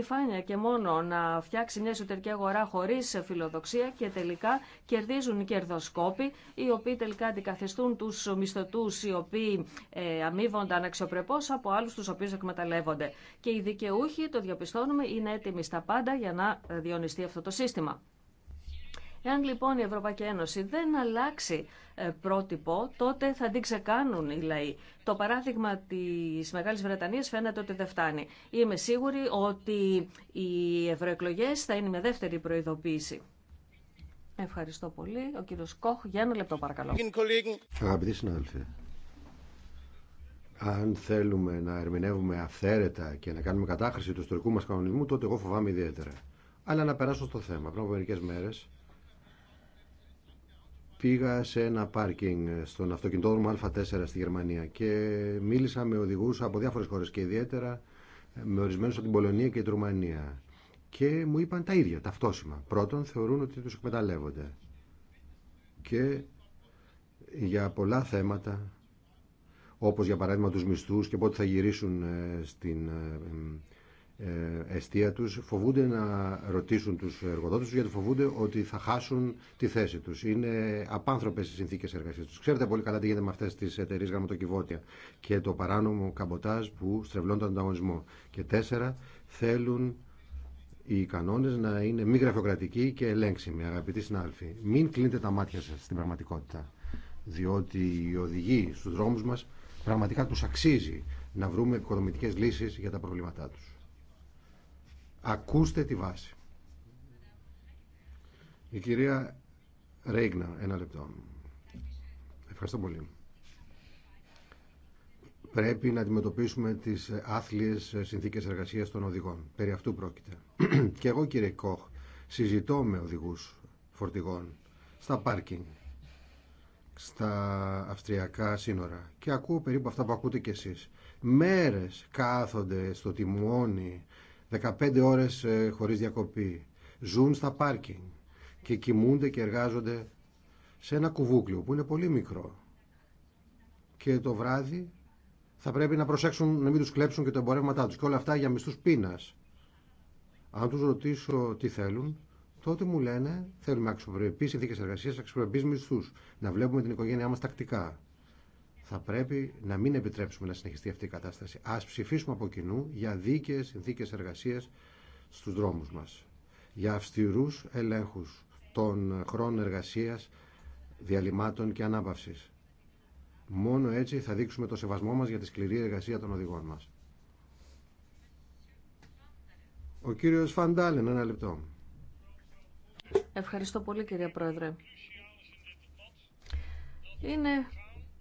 περηφάνεια και μόνο να φτιάξει μια εσωτερική αγορά χωρί φιλοδοξία και τελικά κερδίζουν οι κερδοσκόποι, οι οποίοι τελικά αντικαθιστούν του μισθωτού, οι οποίοι ε, αμείβονταν από άλλου του οποίου εκμεταλλεύονται. Και οι δικαιούχοι, το διαπιστώνουμε, είναι έτοιμοι στα πάντα για να ε, διονυστεί αυτό το σύστημα. Εάν λοιπόν η Ευρωπαϊκή Ένωση δεν αλλάξει ε, πρότυπο, τότε θα την ξεκάνουν οι λαοί. Το παράδειγμα της Μεγάλης Βρετανίας φαίνεται ότι δεν φτάνει. Είμαι σίγουρη ότι οι ευρωεκλογέ θα είναι με δεύτερη προειδοποίηση. Ευχαριστώ πολύ. Ο κύριος Κόχ, για ένα λεπτό παρακαλώ. Αγαπητοί συνάδελφοι, αν θέλουμε να ερμηνεύουμε αυθαίρετα και να κάνουμε κατάχρηση του ιστορικού μας κανονισμού, τότε εγώ φοβάμαι ιδιαίτερα. Αλλά να περάσω στο θέμα. Πριν από μερικέ μέρες, πήγα σε ένα πάρκινγκ στον αυτοκινητόδρομο Α4 στη Γερμανία και μίλησα με οδηγούς από διάφορες χώρες και ιδιαίτερα ε, με ορισμένους από την Πολωνία και την Ρουμανία και μου είπαν τα ίδια, ταυτόσημα. Πρώτον, θεωρούν ότι τους εκμεταλλεύονται και για πολλά θέματα όπως για παράδειγμα τους μισθούς και πότε θα γυρίσουν ε, στην ε, εστία τους φοβούνται να ρωτήσουν τους εργοδότες τους γιατί φοβούνται ότι θα χάσουν τη θέση τους. Είναι απάνθρωπες οι συνθήκες εργασίας τους. Ξέρετε πολύ καλά τι γίνεται με αυτές τις εταιρείες γραμματοκιβώτια και το παράνομο καμποτάζ που στρεβλώνει τον ανταγωνισμό. Και τέσσερα, θέλουν οι κανόνες να είναι μη γραφειοκρατικοί και ελέγξιμοι, αγαπητοί συνάδελφοι. Μην κλείνετε τα μάτια σας στην πραγματικότητα, διότι οι οδηγοί στους δρόμους μας πραγματικά τους αξίζει να βρούμε οικονομικές λύσεις για τα προβλήματά τους. Ακούστε τη βάση. Η κυρία Ρέγνα, ένα λεπτό. Ευχαριστώ πολύ. Πρέπει να αντιμετωπίσουμε τις άθλιες συνθήκες εργασίας των οδηγών. Περί αυτού πρόκειται. Και εγώ κύριε Κόχ συζητώ με οδηγούς φορτηγών στα πάρκινγκ, στα αυστριακά σύνορα και ακούω περίπου αυτά που ακούτε κι εσείς. Μέρες κάθονται στο τιμόνι 15 ώρες ε, χωρίς διακοπή. Ζουν στα πάρκινγκ και κοιμούνται και εργάζονται σε ένα κουβούκλιο που είναι πολύ μικρό. Και το βράδυ θα πρέπει να προσέξουν να μην τους κλέψουν και τα το εμπορεύματά τους. Και όλα αυτά για μισθούς πείνας. Αν τους ρωτήσω τι θέλουν, τότε μου λένε θέλουμε αξιοπρεπείς συνθήκες εργασίας, αξιοπρεπείς μισθούς. Να βλέπουμε την οικογένειά μας τακτικά θα πρέπει να μην επιτρέψουμε να συνεχιστεί αυτή η κατάσταση. Ας ψηφίσουμε από κοινού για δίκαιε, συνθήκες εργασίας στους δρόμους μας. Για αυστηρού ελέγχους των χρόνων εργασία, διαλυμάτων και ανάπαυση. Μόνο έτσι θα δείξουμε το σεβασμό μας για τη σκληρή εργασία των οδηγών μας. Ο κύριος Φαντάλεν, ένα λεπτό. Ευχαριστώ πολύ κύριε Πρόεδρε.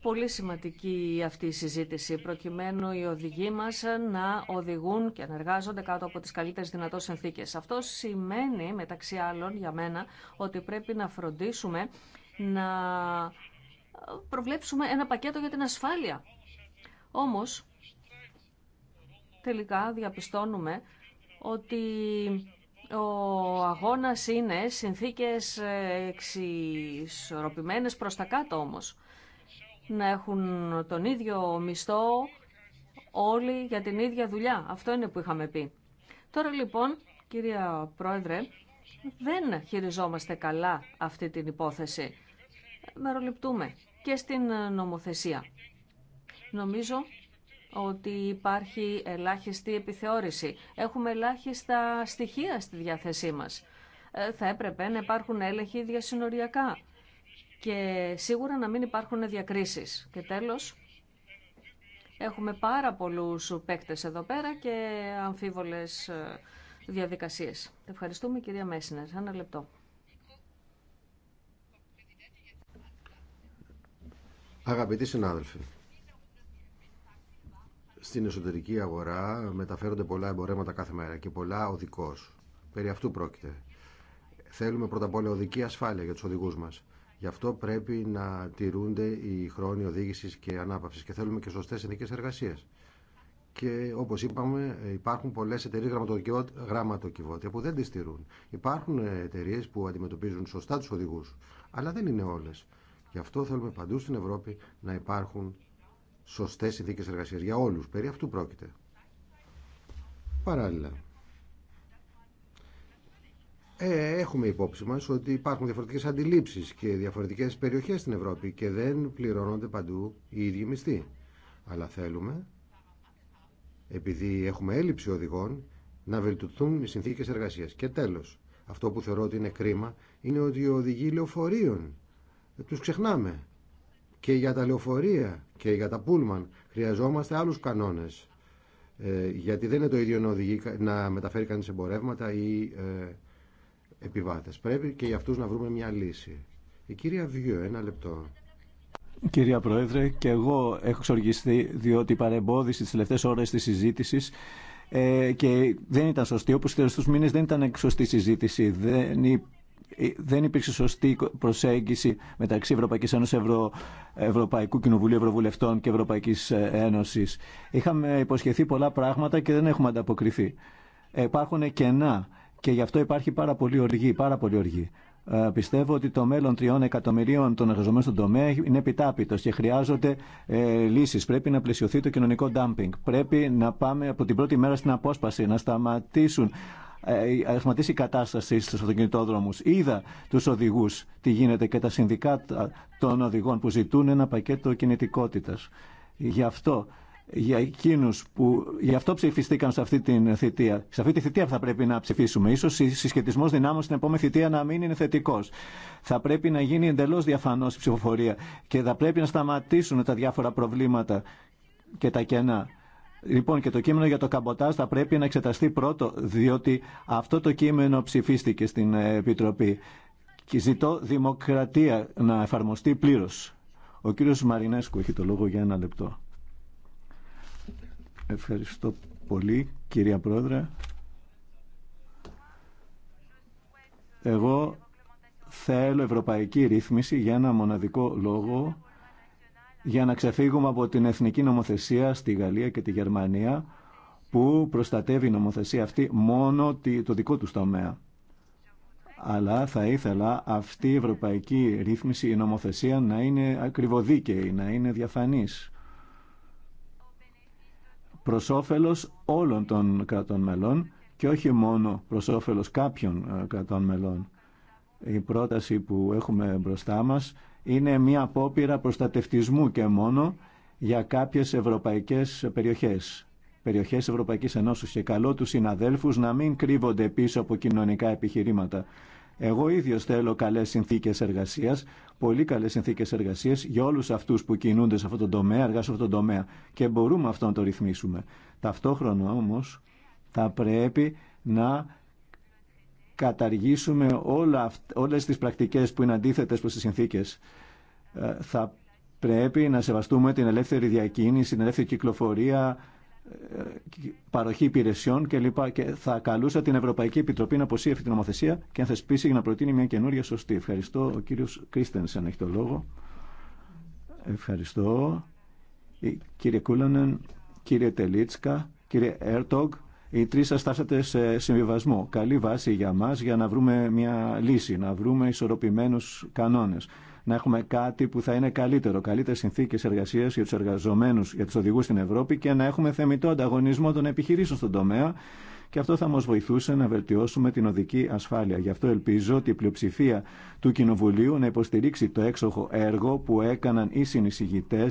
Πολύ σημαντική αυτή η συζήτηση, προκειμένου οι οδηγοί μας να οδηγούν και να εργάζονται κάτω από τις καλύτερες δυνατές συνθήκες. Αυτό σημαίνει, μεταξύ άλλων, για μένα, ότι πρέπει να φροντίσουμε να προβλέψουμε ένα πακέτο για την ασφάλεια. Όμως, τελικά διαπιστώνουμε ότι ο αγώνας είναι συνθήκες εξισορροπημένες προς τα κάτω όμως να έχουν τον ίδιο μισθό όλοι για την ίδια δουλειά. Αυτό είναι που είχαμε πει. Τώρα λοιπόν, κυρία Πρόεδρε, δεν χειριζόμαστε καλά αυτή την υπόθεση. Μεροληπτούμε και στην νομοθεσία. Νομίζω ότι υπάρχει ελάχιστη επιθεώρηση. Έχουμε ελάχιστα στοιχεία στη διάθεσή μας. Ε, θα έπρεπε να υπάρχουν έλεγχοι διασυνοριακά και σίγουρα να μην υπάρχουν διακρίσεις. Και τέλος, έχουμε πάρα πολλούς παίκτες εδώ πέρα και αμφίβολες ε, διαδικασίες. Ευχαριστούμε κυρία Μέσινερ. Ένα λεπτό. Αγαπητοί συνάδελφοι, στην εσωτερική αγορά μεταφέρονται πολλά εμπορέματα κάθε μέρα και πολλά οδικός. Περί αυτού πρόκειται. Θέλουμε πρώτα απ' όλα οδική ασφάλεια για τους οδηγούς μας. Γι' αυτό πρέπει να τηρούνται οι χρόνοι οδήγηση και ανάπαυση και θέλουμε και σωστέ συνθήκε εργασία. Και όπω είπαμε, υπάρχουν πολλέ εταιρείε γραμματοκιβώτια που δεν τι τηρούν. Υπάρχουν εταιρείε που αντιμετωπίζουν σωστά του οδηγού, αλλά δεν είναι όλε. Γι' αυτό θέλουμε παντού στην Ευρώπη να υπάρχουν σωστέ συνθήκε εργασία για όλου. Περί αυτού πρόκειται. Παράλληλα, ε, έχουμε υπόψη μας ότι υπάρχουν διαφορετικές αντιλήψεις και διαφορετικές περιοχές στην Ευρώπη και δεν πληρώνονται παντού οι ίδιοι μισθοί. Αλλά θέλουμε, επειδή έχουμε έλλειψη οδηγών, να βελτιωθούν οι συνθήκες εργασίας. Και τέλος, αυτό που θεωρώ ότι είναι κρίμα, είναι ότι οι οδηγοί λεωφορείων ε, τους ξεχνάμε. Και για τα λεωφορεία και για τα πούλμαν χρειαζόμαστε άλλους κανόνες. Ε, γιατί δεν είναι το ίδιο να, οδηγεί, να μεταφέρει κανείς εμπορεύματα ή ε, επιβάτες. Πρέπει και για αυτούς να βρούμε μια λύση. Η κυρία Βιώ, ένα λεπτό. Κυρία Πρόεδρε, και εγώ έχω εξοργιστεί διότι παρεμπόδιση τις τελευταίες ώρες της συζήτησης ε, και δεν ήταν σωστή. Όπως και στους μήνες δεν ήταν σωστή συζήτηση. Δεν δεν υπήρξε σωστή προσέγγιση μεταξύ Ευρωπαϊκή Ένωση, Ευρω... Ευρωπαϊκού Κοινοβουλίου Ευρωβουλευτών και Ευρωπαϊκή Ένωση. Είχαμε υποσχεθεί πολλά πράγματα και δεν έχουμε ανταποκριθεί. Υπάρχουν κενά και γι' αυτό υπάρχει πάρα πολύ οργή, πάρα πολύ οργή. Ε, πιστεύω ότι το μέλλον τριών εκατομμυρίων των εργαζομένων στον τομέα είναι επιτάπητο και χρειάζονται ε, λύσει. Πρέπει να πλαισιωθεί το κοινωνικό ντάμπινγκ. Πρέπει να πάμε από την πρώτη μέρα στην απόσπαση, να σταματήσουν ε, σταματήσει η κατάσταση στους αυτοκινητόδρομους. Είδα του οδηγού τι γίνεται και τα συνδικάτα των οδηγών που ζητούν ένα πακέτο κινητικότητα. Γι' αυτό για εκείνου που γι' αυτό ψηφιστήκαν σε αυτή την θητεία. Σε αυτή τη θητεία θα πρέπει να ψηφίσουμε. Ίσως η συσχετισμό δυνάμων στην επόμενη θητεία να μην είναι θετικό. Θα πρέπει να γίνει εντελώ διαφανώ η ψηφοφορία και θα πρέπει να σταματήσουν τα διάφορα προβλήματα και τα κενά. Λοιπόν, και το κείμενο για το καμποτάζ θα πρέπει να εξεταστεί πρώτο, διότι αυτό το κείμενο ψηφίστηκε στην Επιτροπή. Και ζητώ δημοκρατία να εφαρμοστεί πλήρω. Ο κύριος Μαρινέσκου έχει το λόγο για ένα λεπτό. Ευχαριστώ πολύ κυρία Πρόεδρε. Εγώ θέλω ευρωπαϊκή ρύθμιση για ένα μοναδικό λόγο για να ξεφύγουμε από την εθνική νομοθεσία στη Γαλλία και τη Γερμανία που προστατεύει η νομοθεσία αυτή μόνο το δικό του τομέα. Αλλά θα ήθελα αυτή η ευρωπαϊκή ρύθμιση, η νομοθεσία να είναι ακριβοδίκαιη, να είναι διαφανής προς όφελος όλων των κρατών μελών και όχι μόνο προς όφελος κάποιων ε, κρατών μελών. Η πρόταση που έχουμε μπροστά μας είναι μια απόπειρα προστατευτισμού και μόνο για κάποιες ευρωπαϊκές περιοχές. Περιοχές Ευρωπαϊκής Ενώσεως και καλό τους συναδέλφους να μην κρύβονται πίσω από κοινωνικά επιχειρήματα. Εγώ ίδιο θέλω καλέ συνθήκε εργασία, πολύ καλέ συνθήκε εργασία για όλου αυτού που κινούνται σε αυτόν τον τομέα, εργάζονται σε αυτόν τον τομέα. Και μπορούμε αυτό να το ρυθμίσουμε. Ταυτόχρονα όμω θα πρέπει να καταργήσουμε όλα, όλες τις πρακτικές που είναι αντίθετες προς τις συνθήκες. Ε, θα πρέπει να σεβαστούμε την ελεύθερη διακίνηση, την ελεύθερη κυκλοφορία, παροχή υπηρεσιών κλπ. Και θα καλούσα την Ευρωπαϊκή Επιτροπή να αποσύρει την νομοθεσία και να θεσπίσει για να προτείνει μια καινούρια σωστή. Ευχαριστώ. Ο κύριο Κρίστενσεν έχει το λόγο. Ευχαριστώ. Κύριε Κούλανεν, κύριε Τελίτσκα, κύριε Ερτογ, οι τρει σα στάσατε σε συμβιβασμό. Καλή βάση για μα για να βρούμε μια λύση, να βρούμε ισορροπημένου κανόνε να έχουμε κάτι που θα είναι καλύτερο, καλύτερε συνθήκε εργασία για του εργαζομένου, για του οδηγού στην Ευρώπη και να έχουμε θεμητό ανταγωνισμό των επιχειρήσεων στον τομέα. Και αυτό θα μα βοηθούσε να βελτιώσουμε την οδική ασφάλεια. Γι' αυτό ελπίζω ότι η πλειοψηφία του Κοινοβουλίου να υποστηρίξει το έξοχο έργο που έκαναν οι συνεισηγητέ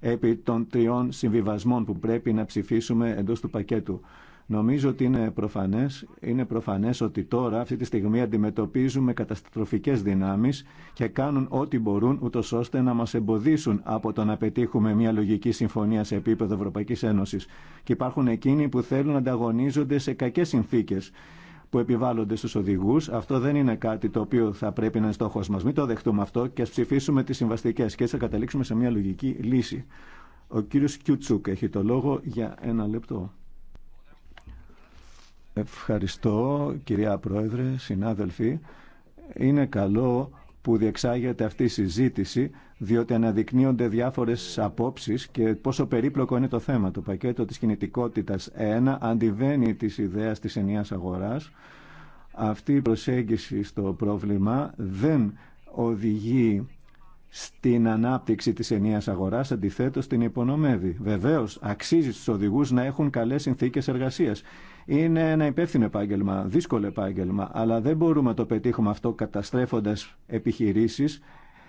επί των τριών συμβιβασμών που πρέπει να ψηφίσουμε εντό του πακέτου. Νομίζω ότι είναι προφανές, είναι προφανές ότι τώρα αυτή τη στιγμή αντιμετωπίζουμε καταστροφικές δυνάμεις και κάνουν ό,τι μπορούν ούτω ώστε να μας εμποδίσουν από το να πετύχουμε μια λογική συμφωνία σε επίπεδο Ευρωπαϊκής Ένωσης. Και υπάρχουν εκείνοι που θέλουν να ανταγωνίζονται σε κακές συνθήκες που επιβάλλονται στους οδηγούς. Αυτό δεν είναι κάτι το οποίο θα πρέπει να είναι στόχος μας. Μην το δεχτούμε αυτό και ας ψηφίσουμε τις συμβαστικές και έτσι θα καταλήξουμε σε μια λογική λύση. Ο κύριος Κιουτσούκ έχει το λόγο για ένα λεπτό. Ευχαριστώ κυρία Πρόεδρε, συνάδελφοι. Είναι καλό που διεξάγεται αυτή η συζήτηση, διότι αναδεικνύονται διάφορες απόψεις και πόσο περίπλοκο είναι το θέμα. Το πακέτο της κινητικότητας 1 αντιβαίνει της ιδέας της ενιαίας αγοράς. Αυτή η προσέγγιση στο πρόβλημα δεν οδηγεί στην ανάπτυξη της ενιαίας αγοράς, αντιθέτως την υπονομεύει. Βεβαίως, αξίζει στους οδηγούς να έχουν καλές συνθήκες εργασίας. Είναι ένα υπεύθυνο επάγγελμα, δύσκολο επάγγελμα, αλλά δεν μπορούμε να το πετύχουμε αυτό καταστρέφοντας επιχειρήσεις,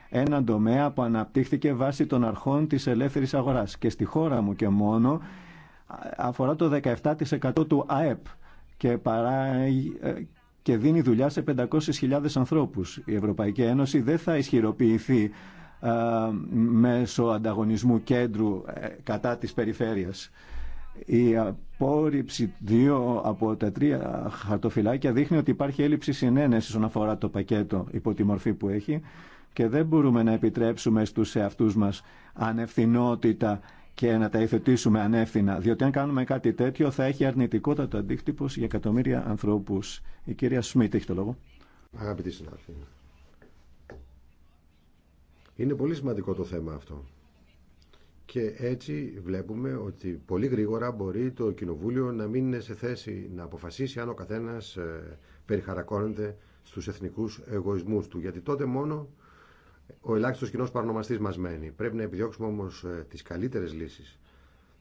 ένα τομέα που αναπτύχθηκε βάσει των αρχών της ελεύθερης αγοράς και στη χώρα μου και μόνο αφορά το 17% του ΑΕΠ και, παρά, ε, και δίνει δουλειά σε 500.000 ανθρώπους. Η Ευρωπαϊκή Ένωση δεν θα ισχυροποιηθεί ε, μέσω ανταγωνισμού κέντρου ε, κατά της περιφέρειας. Η απόρριψη δύο από τα τρία χαρτοφυλάκια δείχνει ότι υπάρχει έλλειψη συνένεση όσον αφορά το πακέτο υπό τη μορφή που έχει και δεν μπορούμε να επιτρέψουμε στους εαυτούς μας ανευθυνότητα και να τα υιοθετήσουμε ανεύθυνα. Διότι αν κάνουμε κάτι τέτοιο θα έχει αρνητικότατο αντίκτυπο για εκατομμύρια ανθρώπου. Η κυρία Σμιτ έχει το λόγο. Αγαπητοί συνάδελφοι, είναι πολύ σημαντικό το θέμα αυτό και έτσι βλέπουμε ότι πολύ γρήγορα μπορεί το Κοινοβούλιο να μην είναι σε θέση να αποφασίσει αν ο καθένας ε, περιχαρακώνεται στους εθνικούς εγωισμούς του. Γιατί τότε μόνο ο ελάχιστος κοινός παρονομαστής μας μένει. Πρέπει να επιδιώξουμε όμως ε, τις καλύτερες λύσεις,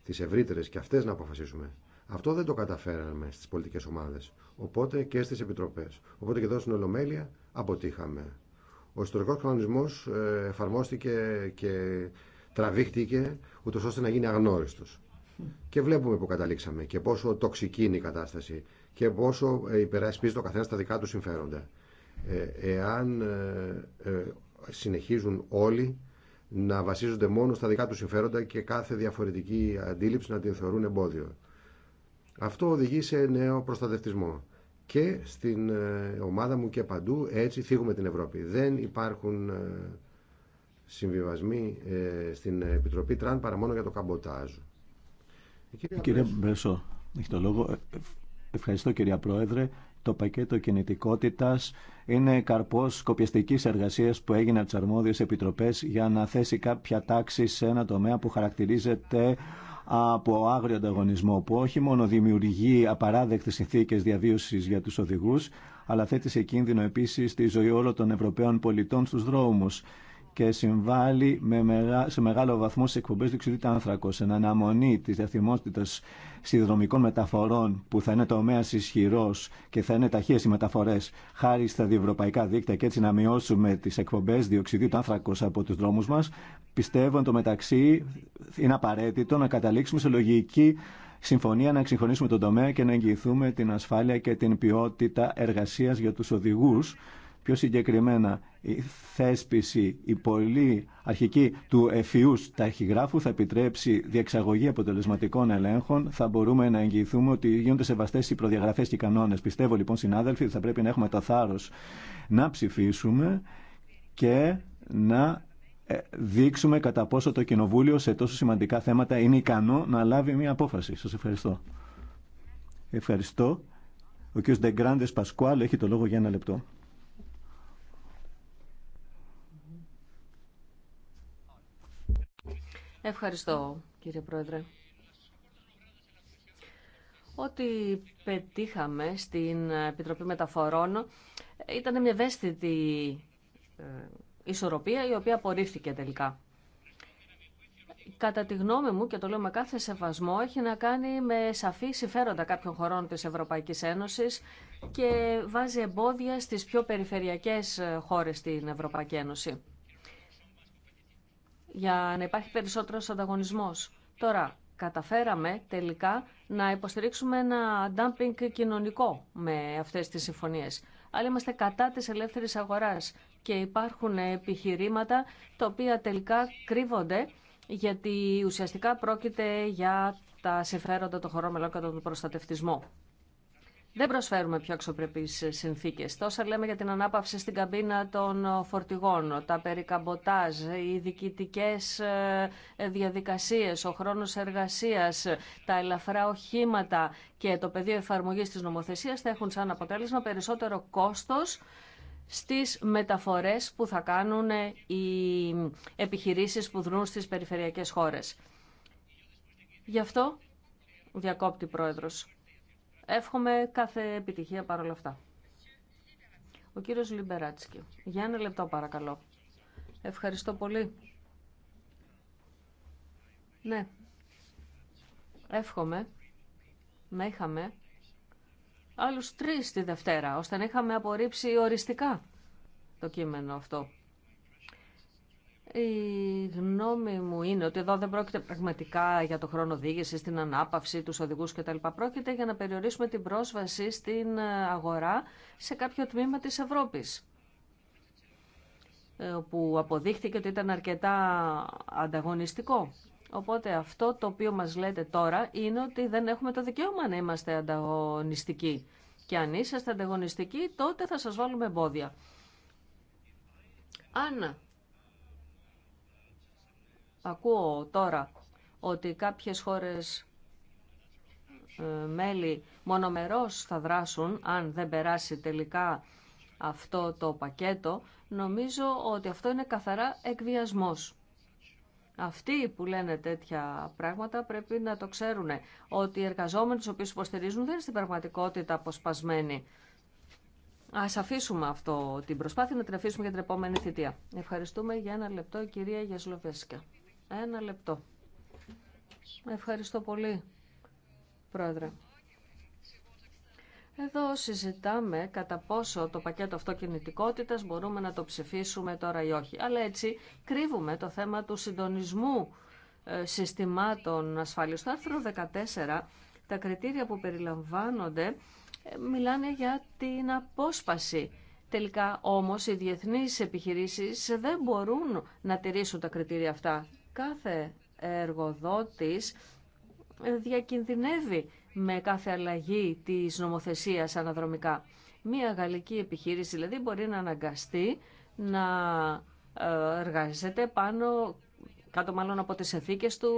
τις ευρύτερες και αυτές να αποφασίσουμε. Αυτό δεν το καταφέραμε στις πολιτικές ομάδες, οπότε και στις επιτροπές. Οπότε και εδώ στην Ολομέλεια αποτύχαμε. Ο ιστορικός κανονισμός ε, εφαρμόστηκε και τραβήχτηκε ούτω ώστε να γίνει αγνώριστος. Και βλέπουμε που καταλήξαμε και πόσο τοξική είναι η κατάσταση και πόσο ε, υπερασπίζει το καθένα στα δικά του συμφέροντα. Ε, εάν ε, ε, συνεχίζουν όλοι να βασίζονται μόνο στα δικά του συμφέροντα και κάθε διαφορετική αντίληψη να την θεωρούν εμπόδιο. Αυτό οδηγεί σε νέο προστατευτισμό. Και στην ομάδα μου και παντού έτσι θίγουμε την Ευρώπη. Δεν υπάρχουν συμβιβασμοί ε, στην Επιτροπή Τραν παρά μόνο για το καμποτάζ. Ε, κύριε, κύριε Μπρέσο, έχει το λόγο. Ε, ευχαριστώ κυρία Πρόεδρε. Το πακέτο κινητικότητα είναι καρπό κοπιαστική εργασία που έγινε από τι αρμόδιε επιτροπέ για να θέσει κάποια τάξη σε ένα τομέα που χαρακτηρίζεται από άγριο ανταγωνισμό, που όχι μόνο δημιουργεί απαράδεκτε συνθήκε διαβίωση για του οδηγού, αλλά θέτει σε κίνδυνο επίση τη ζωή όλων των Ευρωπαίων πολιτών στου δρόμου και συμβάλλει σε μεγάλο βαθμό στι εκπομπέ του άνθρακο. Εν αναμονή τη διαθυμότητα σιδηροδρομικών μεταφορών, που θα είναι τομέα ισχυρό και θα είναι ταχύε οι μεταφορέ, χάρη στα διευρωπαϊκά δίκτυα και έτσι να μειώσουμε τι εκπομπέ διοξιδίου του άνθρακο από του δρόμου μα, πιστεύω εν τω μεταξύ είναι απαραίτητο να καταλήξουμε σε λογική συμφωνία, να εξυγχρονίσουμε τον τομέα και να εγγυηθούμε την ασφάλεια και την ποιότητα εργασία για του οδηγού Πιο συγκεκριμένα, η θέσπιση, η πολύ αρχική του εφιούς ταχυγράφου θα επιτρέψει διεξαγωγή αποτελεσματικών ελέγχων. Θα μπορούμε να εγγυηθούμε ότι γίνονται σεβαστές οι προδιαγραφές και οι κανόνες. Πιστεύω λοιπόν συνάδελφοι ότι θα πρέπει να έχουμε το θάρρο να ψηφίσουμε και να ε, δείξουμε κατά πόσο το Κοινοβούλιο σε τόσο σημαντικά θέματα είναι ικανό να λάβει μια απόφαση. Σας ευχαριστώ. Ευχαριστώ. Ο κ. Ντεγκράντε Πασκουάλ έχει το λόγο για ένα λεπτό. Ευχαριστώ, κύριε Πρόεδρε. Ό,τι πετύχαμε στην Επιτροπή Μεταφορών ήταν μια ευαίσθητη ε, ισορροπία η οποία απορρίφθηκε τελικά. Κατά τη γνώμη μου, και το λέω με κάθε σεβασμό, έχει να κάνει με σαφή συμφέροντα κάποιων χωρών της Ευρωπαϊκής Ένωσης και βάζει εμπόδια στις πιο περιφερειακές ε, χώρες στην Ευρωπαϊκή Ένωση για να υπάρχει περισσότερος ανταγωνισμός. Τώρα, καταφέραμε τελικά να υποστηρίξουμε ένα dumping κοινωνικό με αυτές τις συμφωνίες. Αλλά είμαστε κατά της ελεύθερης αγοράς και υπάρχουν επιχειρήματα τα οποία τελικά κρύβονται γιατί ουσιαστικά πρόκειται για τα συμφέροντα των χωρών μελών κατά τον προστατευτισμό. Δεν προσφέρουμε πιο αξιοπρεπεί συνθήκες. Τόσα λέμε για την ανάπαυση στην καμπίνα των φορτηγών, τα περικαμποτάζ, οι διοικητικέ ε, διαδικασίες, ο χρόνος εργασίας, τα ελαφρά οχήματα και το πεδίο εφαρμογή της νομοθεσίας θα έχουν σαν αποτέλεσμα περισσότερο κόστος στις μεταφορές που θα κάνουν ε, οι επιχειρήσεις που δρούν στις περιφερειακές χώρες. Γι' αυτό διακόπτη πρόεδρος. Εύχομαι κάθε επιτυχία παρόλα αυτά. Ο κύριος Λιμπεράτσκι. Για ένα λεπτό παρακαλώ. Ευχαριστώ πολύ. Ναι. Εύχομαι να είχαμε άλλους τρεις τη Δευτέρα, ώστε να είχαμε απορρίψει οριστικά το κείμενο αυτό. Η γνώμη μου είναι ότι εδώ δεν πρόκειται πραγματικά για το χρόνο οδήγηση, την ανάπαυση, του οδηγού κτλ. Πρόκειται για να περιορίσουμε την πρόσβαση στην αγορά σε κάποιο τμήμα τη Ευρώπη ε, που αποδείχθηκε ότι ήταν αρκετά ανταγωνιστικό. Οπότε αυτό το οποίο μας λέτε τώρα είναι ότι δεν έχουμε το δικαίωμα να είμαστε ανταγωνιστικοί. Και αν είσαστε ανταγωνιστικοί τότε θα σας βάλουμε εμπόδια. Αν Ακούω τώρα ότι κάποιες χώρες ε, μέλη μονομερός θα δράσουν αν δεν περάσει τελικά αυτό το πακέτο, νομίζω ότι αυτό είναι καθαρά εκβιασμός. Αυτοί που λένε τέτοια πράγματα πρέπει να το ξέρουν ότι οι εργαζόμενοι τους οποίους υποστηρίζουν δεν είναι στην πραγματικότητα αποσπασμένοι. Ας αφήσουμε αυτό την προσπάθεια να την αφήσουμε για την επόμενη θητεία. Ευχαριστούμε για ένα λεπτό κυρία Γιασλοβέσκα. Ένα λεπτό. Ευχαριστώ πολύ, Πρόεδρε. Εδώ συζητάμε κατά πόσο το πακέτο αυτοκινητικότητας μπορούμε να το ψηφίσουμε τώρα ή όχι. Αλλά έτσι κρύβουμε το θέμα του συντονισμού ε, συστημάτων ασφάλειας. Στο άρθρο 14 τα κριτήρια που περιλαμβάνονται ε, μιλάνε για την απόσπαση. Τελικά όμως οι διεθνείς επιχειρήσεις δεν μπορούν να τηρήσουν τα κριτήρια αυτά κάθε εργοδότης διακινδυνεύει με κάθε αλλαγή της νομοθεσίας αναδρομικά. Μία γαλλική επιχείρηση δηλαδή μπορεί να αναγκαστεί να ε, εργάζεται πάνω κάτω μάλλον από τις συνθήκε του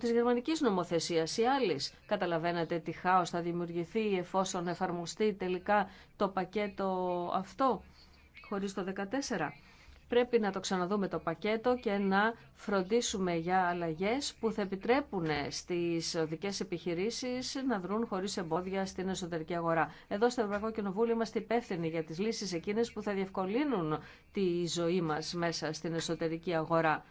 της γερμανικής νομοθεσίας ή άλλης. Καταλαβαίνετε τι χάος θα δημιουργηθεί εφόσον εφαρμοστεί τελικά το πακέτο αυτό χωρίς το 14 πρέπει να το ξαναδούμε το πακέτο και να φροντίσουμε για αλλαγές που θα επιτρέπουν στις οδικές επιχειρήσεις να δρουν χωρίς εμπόδια στην εσωτερική αγορά. Εδώ στο Ευρωπαϊκό Κοινοβούλιο είμαστε υπεύθυνοι για τις λύσεις εκείνες που θα διευκολύνουν τη ζωή μας μέσα στην εσωτερική αγορά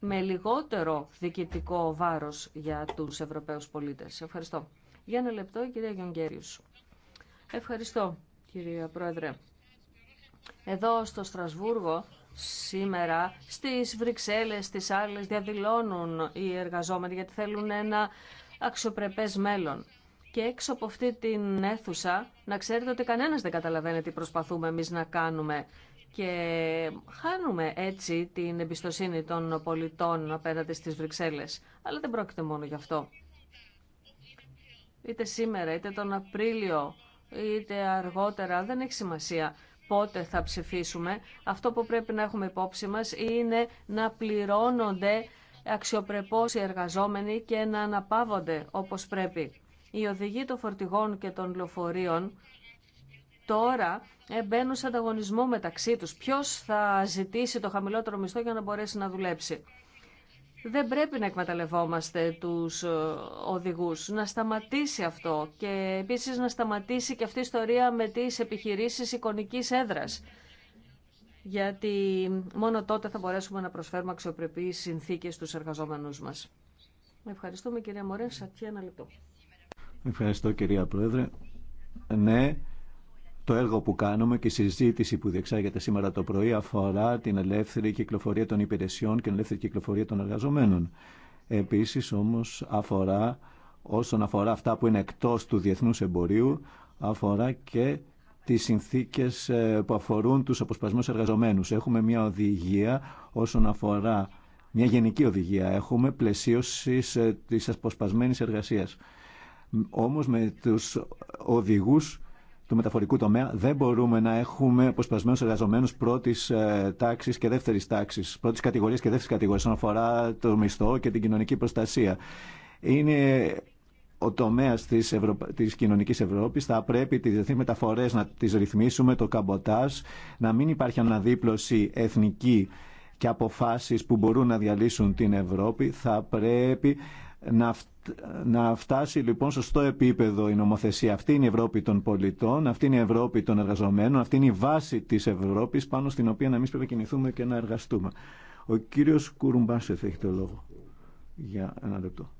με λιγότερο διοικητικό βάρος για τους Ευρωπαίους πολίτες. Ευχαριστώ. Για ένα λεπτό, κυρία Γιονγκέριους. Ευχαριστώ, κυρία Πρόεδρε. Εδώ στο Στρασβούργο σήμερα στις Βρυξέλλες, στις άλλες διαδηλώνουν οι εργαζόμενοι γιατί θέλουν ένα αξιοπρεπές μέλλον. Και έξω από αυτή την αίθουσα να ξέρετε ότι κανένας δεν καταλαβαίνει τι προσπαθούμε εμείς να κάνουμε και χάνουμε έτσι την εμπιστοσύνη των πολιτών απέναντι στις Βρυξέλλες. Αλλά δεν πρόκειται μόνο γι' αυτό. Είτε σήμερα, είτε τον Απρίλιο, είτε αργότερα, δεν έχει σημασία πότε θα ψηφίσουμε, αυτό που πρέπει να έχουμε υπόψη μας είναι να πληρώνονται αξιοπρεπώς οι εργαζόμενοι και να αναπαύονται όπως πρέπει. Οι οδηγοί των φορτηγών και των λεωφορείων τώρα μπαίνουν σε ανταγωνισμό μεταξύ τους. Ποιος θα ζητήσει το χαμηλότερο μισθό για να μπορέσει να δουλέψει. Δεν πρέπει να εκμεταλλευόμαστε τους ε, οδηγούς, να σταματήσει αυτό και επίσης να σταματήσει και αυτή η ιστορία με τις επιχειρήσεις εικονικής έδρας. Γιατί μόνο τότε θα μπορέσουμε να προσφέρουμε αξιοπρεπείς συνθήκες στους εργαζόμενους μας. Ευχαριστούμε κυρία Μωρέ, σε ένα λεπτό. Ευχαριστώ κυρία Πρόεδρε. Ναι, το έργο που κάνουμε και η συζήτηση που διεξάγεται σήμερα το πρωί αφορά την ελεύθερη κυκλοφορία των υπηρεσιών και την ελεύθερη κυκλοφορία των εργαζομένων. Επίσης όμως αφορά, όσον αφορά αυτά που είναι εκτός του διεθνούς εμπορίου, αφορά και τις συνθήκες ε, που αφορούν τους αποσπασμένους εργαζομένους. Έχουμε μια οδηγία όσον αφορά, μια γενική οδηγία έχουμε πλαισίωσης ε, της αποσπασμένης εργασίας. Όμως με τους οδηγούς του μεταφορικού τομέα. Δεν μπορούμε να έχουμε αποσπασμένου εργαζομένου πρώτη ε, τάξη και δεύτερη τάξη, πρώτη κατηγορία και δεύτερη κατηγορία, όσον αφορά το μισθό και την κοινωνική προστασία. Είναι ο τομέα τη της κοινωνική Ευρώπη. Θα πρέπει τι διεθνεί μεταφορέ να τι ρυθμίσουμε, το καμποτάζ, να μην υπάρχει αναδίπλωση εθνική και αποφάσεις που μπορούν να διαλύσουν την Ευρώπη. Θα πρέπει να να φτάσει λοιπόν στο σωστό επίπεδο η νομοθεσία. Αυτή είναι η Ευρώπη των πολιτών, αυτή είναι η Ευρώπη των εργαζομένων, αυτή είναι η βάση της Ευρώπης πάνω στην οποία να εμείς πρέπει να κινηθούμε και να εργαστούμε. Ο κύριος Κουρουμπάσεφ έχει το λόγο για ένα λεπτό.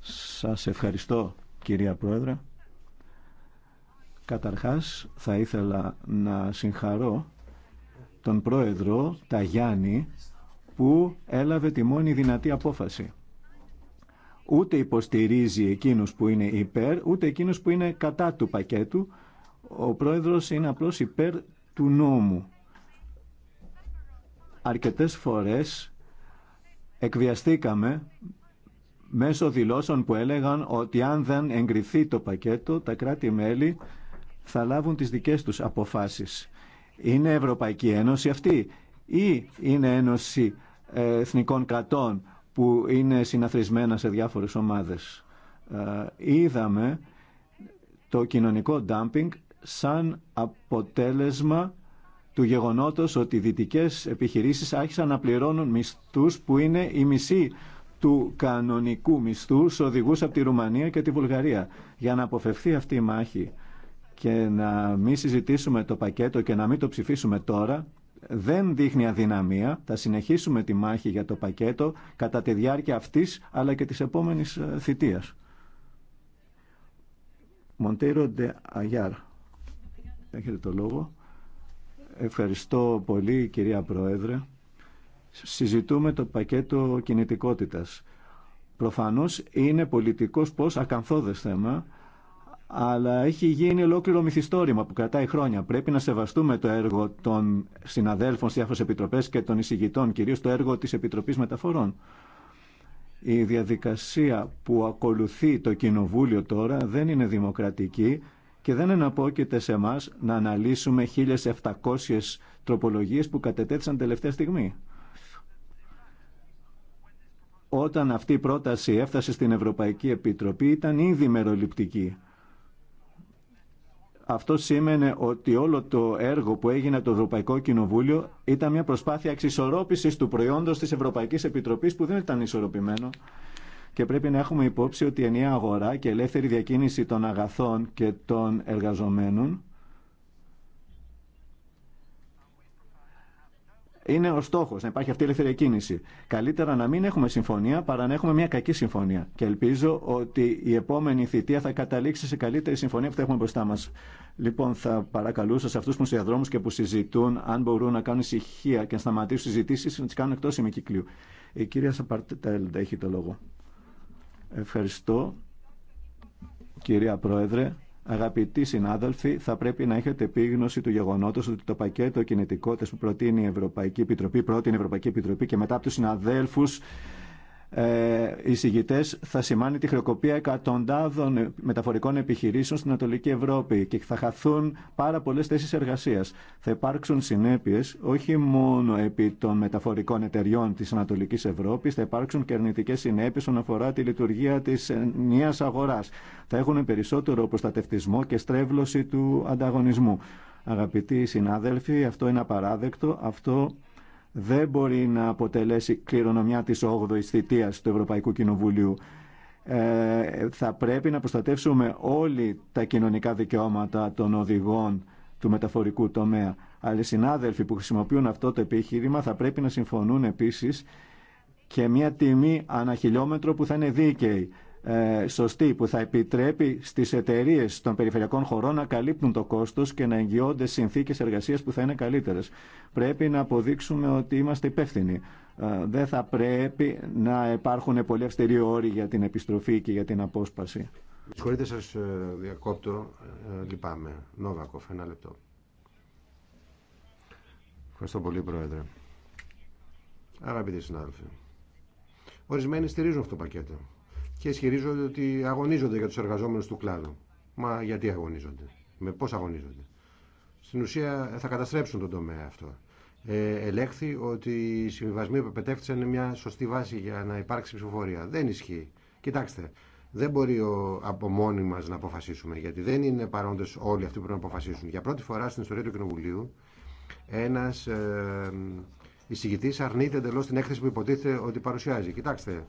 Σας ευχαριστώ κυρία Πρόεδρε. Καταρχάς θα ήθελα να συγχαρώ τον Πρόεδρο Ταγιάννη που έλαβε τη μόνη δυνατή απόφαση. Ούτε υποστηρίζει εκείνους που είναι υπέρ, ούτε εκείνους που είναι κατά του πακέτου. Ο πρόεδρος είναι απλώς υπέρ του νόμου. Αρκετές φορές εκβιαστήκαμε μέσω δηλώσεων που έλεγαν ότι αν δεν εγκριθεί το πακέτο, τα κράτη-μέλη θα λάβουν τις δικές τους αποφάσεις. Είναι Ευρωπαϊκή Ένωση αυτή ή είναι Ένωση εθνικών κρατών που είναι συναθρισμένα σε διάφορες ομάδες. Ε, είδαμε το κοινωνικό dumping σαν αποτέλεσμα του γεγονότος ότι οι δυτικές επιχειρήσεις άρχισαν να πληρώνουν μισθούς που είναι η μισή του κανονικού μισθού σε οδηγούς από τη Ρουμανία και τη Βουλγαρία. Για να αποφευθεί αυτή η μάχη και να μην συζητήσουμε το πακέτο και να μην το ψηφίσουμε τώρα, δεν δείχνει αδυναμία. Θα συνεχίσουμε τη μάχη για το πακέτο κατά τη διάρκεια αυτής αλλά και της επόμενης ε, θητείας. Μοντέιρο Ντε Αγιάρ. Έχετε το λόγο. Ευχαριστώ πολύ κυρία Πρόεδρε. Συζητούμε το πακέτο κινητικότητας. Προφανώς είναι πολιτικός πώς ακαθόδες θέμα αλλά έχει γίνει ολόκληρο μυθιστόρημα που κρατάει χρόνια. Πρέπει να σεβαστούμε το έργο των συναδέλφων στι διάφορε επιτροπέ και των εισηγητών, κυρίω το έργο τη Επιτροπή Μεταφορών. Η διαδικασία που ακολουθεί το Κοινοβούλιο τώρα δεν είναι δημοκρατική και δεν εναπόκειται σε εμά να αναλύσουμε 1.700 τροπολογίε που κατετέθησαν τελευταία στιγμή. Όταν αυτή η πρόταση έφτασε στην Ευρωπαϊκή Επιτροπή ήταν ήδη μεροληπτική αυτό σήμαινε ότι όλο το έργο που έγινε το Ευρωπαϊκό Κοινοβούλιο ήταν μια προσπάθεια εξισορρόπησης του προϊόντος της Ευρωπαϊκής Επιτροπής που δεν ήταν ισορροπημένο και πρέπει να έχουμε υπόψη ότι η ενιαία αγορά και ελεύθερη διακίνηση των αγαθών και των εργαζομένων Είναι ο στόχο να υπάρχει αυτή η ελεύθερη κίνηση. Καλύτερα να μην έχουμε συμφωνία παρά να έχουμε μια κακή συμφωνία. Και ελπίζω ότι η επόμενη θητεία θα καταλήξει σε καλύτερη συμφωνία που θα έχουμε μπροστά μα. Λοιπόν, θα παρακαλούσα σε αυτού που είναι στου διαδρόμου και που συζητούν, αν μπορούν να κάνουν ησυχία και να σταματήσουν συζητήσει, να τι κάνουν εκτό ημικυκλίου. Η κυρία Σαπαρτέλντα έχει το λόγο. Ευχαριστώ, κυρία Πρόεδρε. Αγαπητοί συνάδελφοι, θα πρέπει να έχετε επίγνωση του γεγονότο ότι το πακέτο κινητικότητα που προτείνει η Ευρωπαϊκή Επιτροπή, πρώτη Ευρωπαϊκή Επιτροπή και μετά από του συναδέλφου ε, οι συγητέ θα σημάνει τη χρεοκοπία εκατοντάδων μεταφορικών επιχειρήσεων στην Ανατολική Ευρώπη και θα χαθούν πάρα πολλέ θέσει εργασία. Θα υπάρξουν συνέπειε όχι μόνο επί των μεταφορικών εταιριών τη Ανατολική Ευρώπη, θα υπάρξουν και αρνητικέ συνέπειε όσον αφορά τη λειτουργία τη ενιαία αγορά. Θα έχουν περισσότερο προστατευτισμό και στρέβλωση του ανταγωνισμού. Αγαπητοί συνάδελφοι, αυτό είναι απαράδεκτο, αυτό δεν μπορεί να αποτελέσει κληρονομιά της 8ης θητείας του Ευρωπαϊκού Κοινοβουλίου. Ε, θα πρέπει να προστατεύσουμε όλοι τα κοινωνικά δικαιώματα των οδηγών του μεταφορικού τομέα. Αλλά οι συνάδελφοι που χρησιμοποιούν αυτό το επιχείρημα θα πρέπει να συμφωνούν επίσης και μια τιμή ανά χιλιόμετρο που θα είναι δίκαιη. Ε, σωστή που θα επιτρέπει στις εταιρείε των περιφερειακών χωρών να καλύπτουν το κόστος και να εγγυώνται συνθήκες εργασίας που θα είναι καλύτερες. Πρέπει να αποδείξουμε ότι είμαστε υπεύθυνοι. Ε, δεν θα πρέπει να υπάρχουν πολύ αυστηροί όροι για την επιστροφή και για την απόσπαση. Συγχωρείτε σας ε, διακόπτω, λυπάμαι. Νόβακοφ, ένα λεπτό. Ευχαριστώ πολύ, Πρόεδρε. Αγαπητοί συνάδελφοι, ορισμένοι στηρίζουν αυτό το πακέτο και ισχυρίζονται ότι αγωνίζονται για τους εργαζόμενους του κλάδου. Μα γιατί αγωνίζονται, με πώς αγωνίζονται. Στην ουσία θα καταστρέψουν τον τομέα αυτό. Ε, ελέγχθη ότι οι συμβιβασμοί που επετέφθησαν είναι μια σωστή βάση για να υπάρξει ψηφοφορία. Δεν ισχύει. Κοιτάξτε, δεν μπορεί ο, από μόνοι μα να αποφασίσουμε, γιατί δεν είναι παρόντε όλοι αυτοί που πρέπει να αποφασίσουν. Για πρώτη φορά στην ιστορία του Κοινοβουλίου, ένα ε, εισηγητή αρνείται εντελώ την έκθεση που υποτίθεται ότι παρουσιάζει. Κοιτάξτε,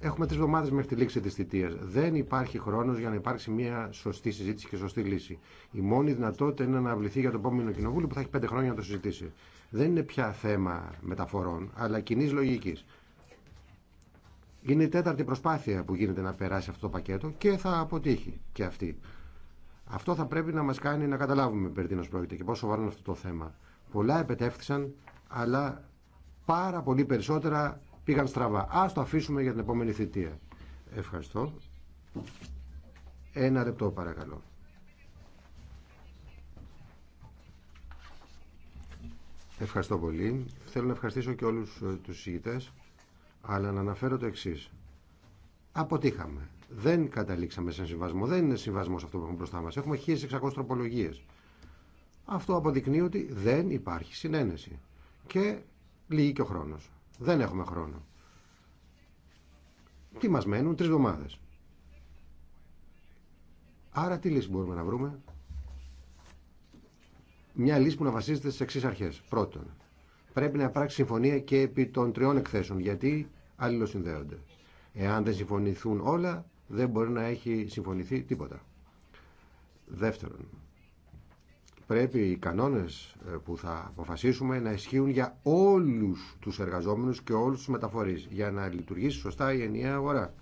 Έχουμε τρει εβδομάδε μέχρι τη λήξη τη θητεία. Δεν υπάρχει χρόνο για να υπάρξει μια σωστή συζήτηση και σωστή λύση. Η μόνη δυνατότητα είναι να αναβληθεί για το επόμενο κοινοβούλιο που θα έχει πέντε χρόνια να το συζητήσει. Δεν είναι πια θέμα μεταφορών, αλλά κοινή λογική. Είναι η τέταρτη προσπάθεια που γίνεται να περάσει αυτό το πακέτο και θα αποτύχει και αυτή. Αυτό θα πρέπει να μα κάνει να καταλάβουμε περί τίνο πρόκειται και πόσο σοβαρό είναι αυτό το θέμα. Πολλά επετέφθησαν, αλλά πάρα πολύ περισσότερα πήγαν στραβά. Α το αφήσουμε για την επόμενη θητεία. Ευχαριστώ. Ένα λεπτό παρακαλώ. Ευχαριστώ πολύ. Θέλω να ευχαριστήσω και όλους ε, τους συζητητές, αλλά να αναφέρω το εξής. Αποτύχαμε. Δεν καταλήξαμε σε συμβασμό. Δεν είναι συμβασμό αυτό που έχουμε μπροστά μας. Έχουμε 1600 τροπολογίες. Αυτό αποδεικνύει ότι δεν υπάρχει συνένεση. Και λύγει και ο χρόνος. Δεν έχουμε χρόνο. Τι μας μένουν, τρεις εβδομάδες. Άρα τι λύση μπορούμε να βρούμε. Μια λύση που να βασίζεται στις εξής αρχές. Πρώτον, πρέπει να υπάρξει συμφωνία και επί των τριών εκθέσεων, γιατί αλληλοσυνδέονται. Εάν δεν συμφωνηθούν όλα, δεν μπορεί να έχει συμφωνηθεί τίποτα. Δεύτερον, πρέπει οι κανόνες ε, που θα αποφασίσουμε να ισχύουν για όλους τους εργαζόμενους και όλους τους μεταφορείς για να λειτουργήσει σωστά η ενιαία αγορά.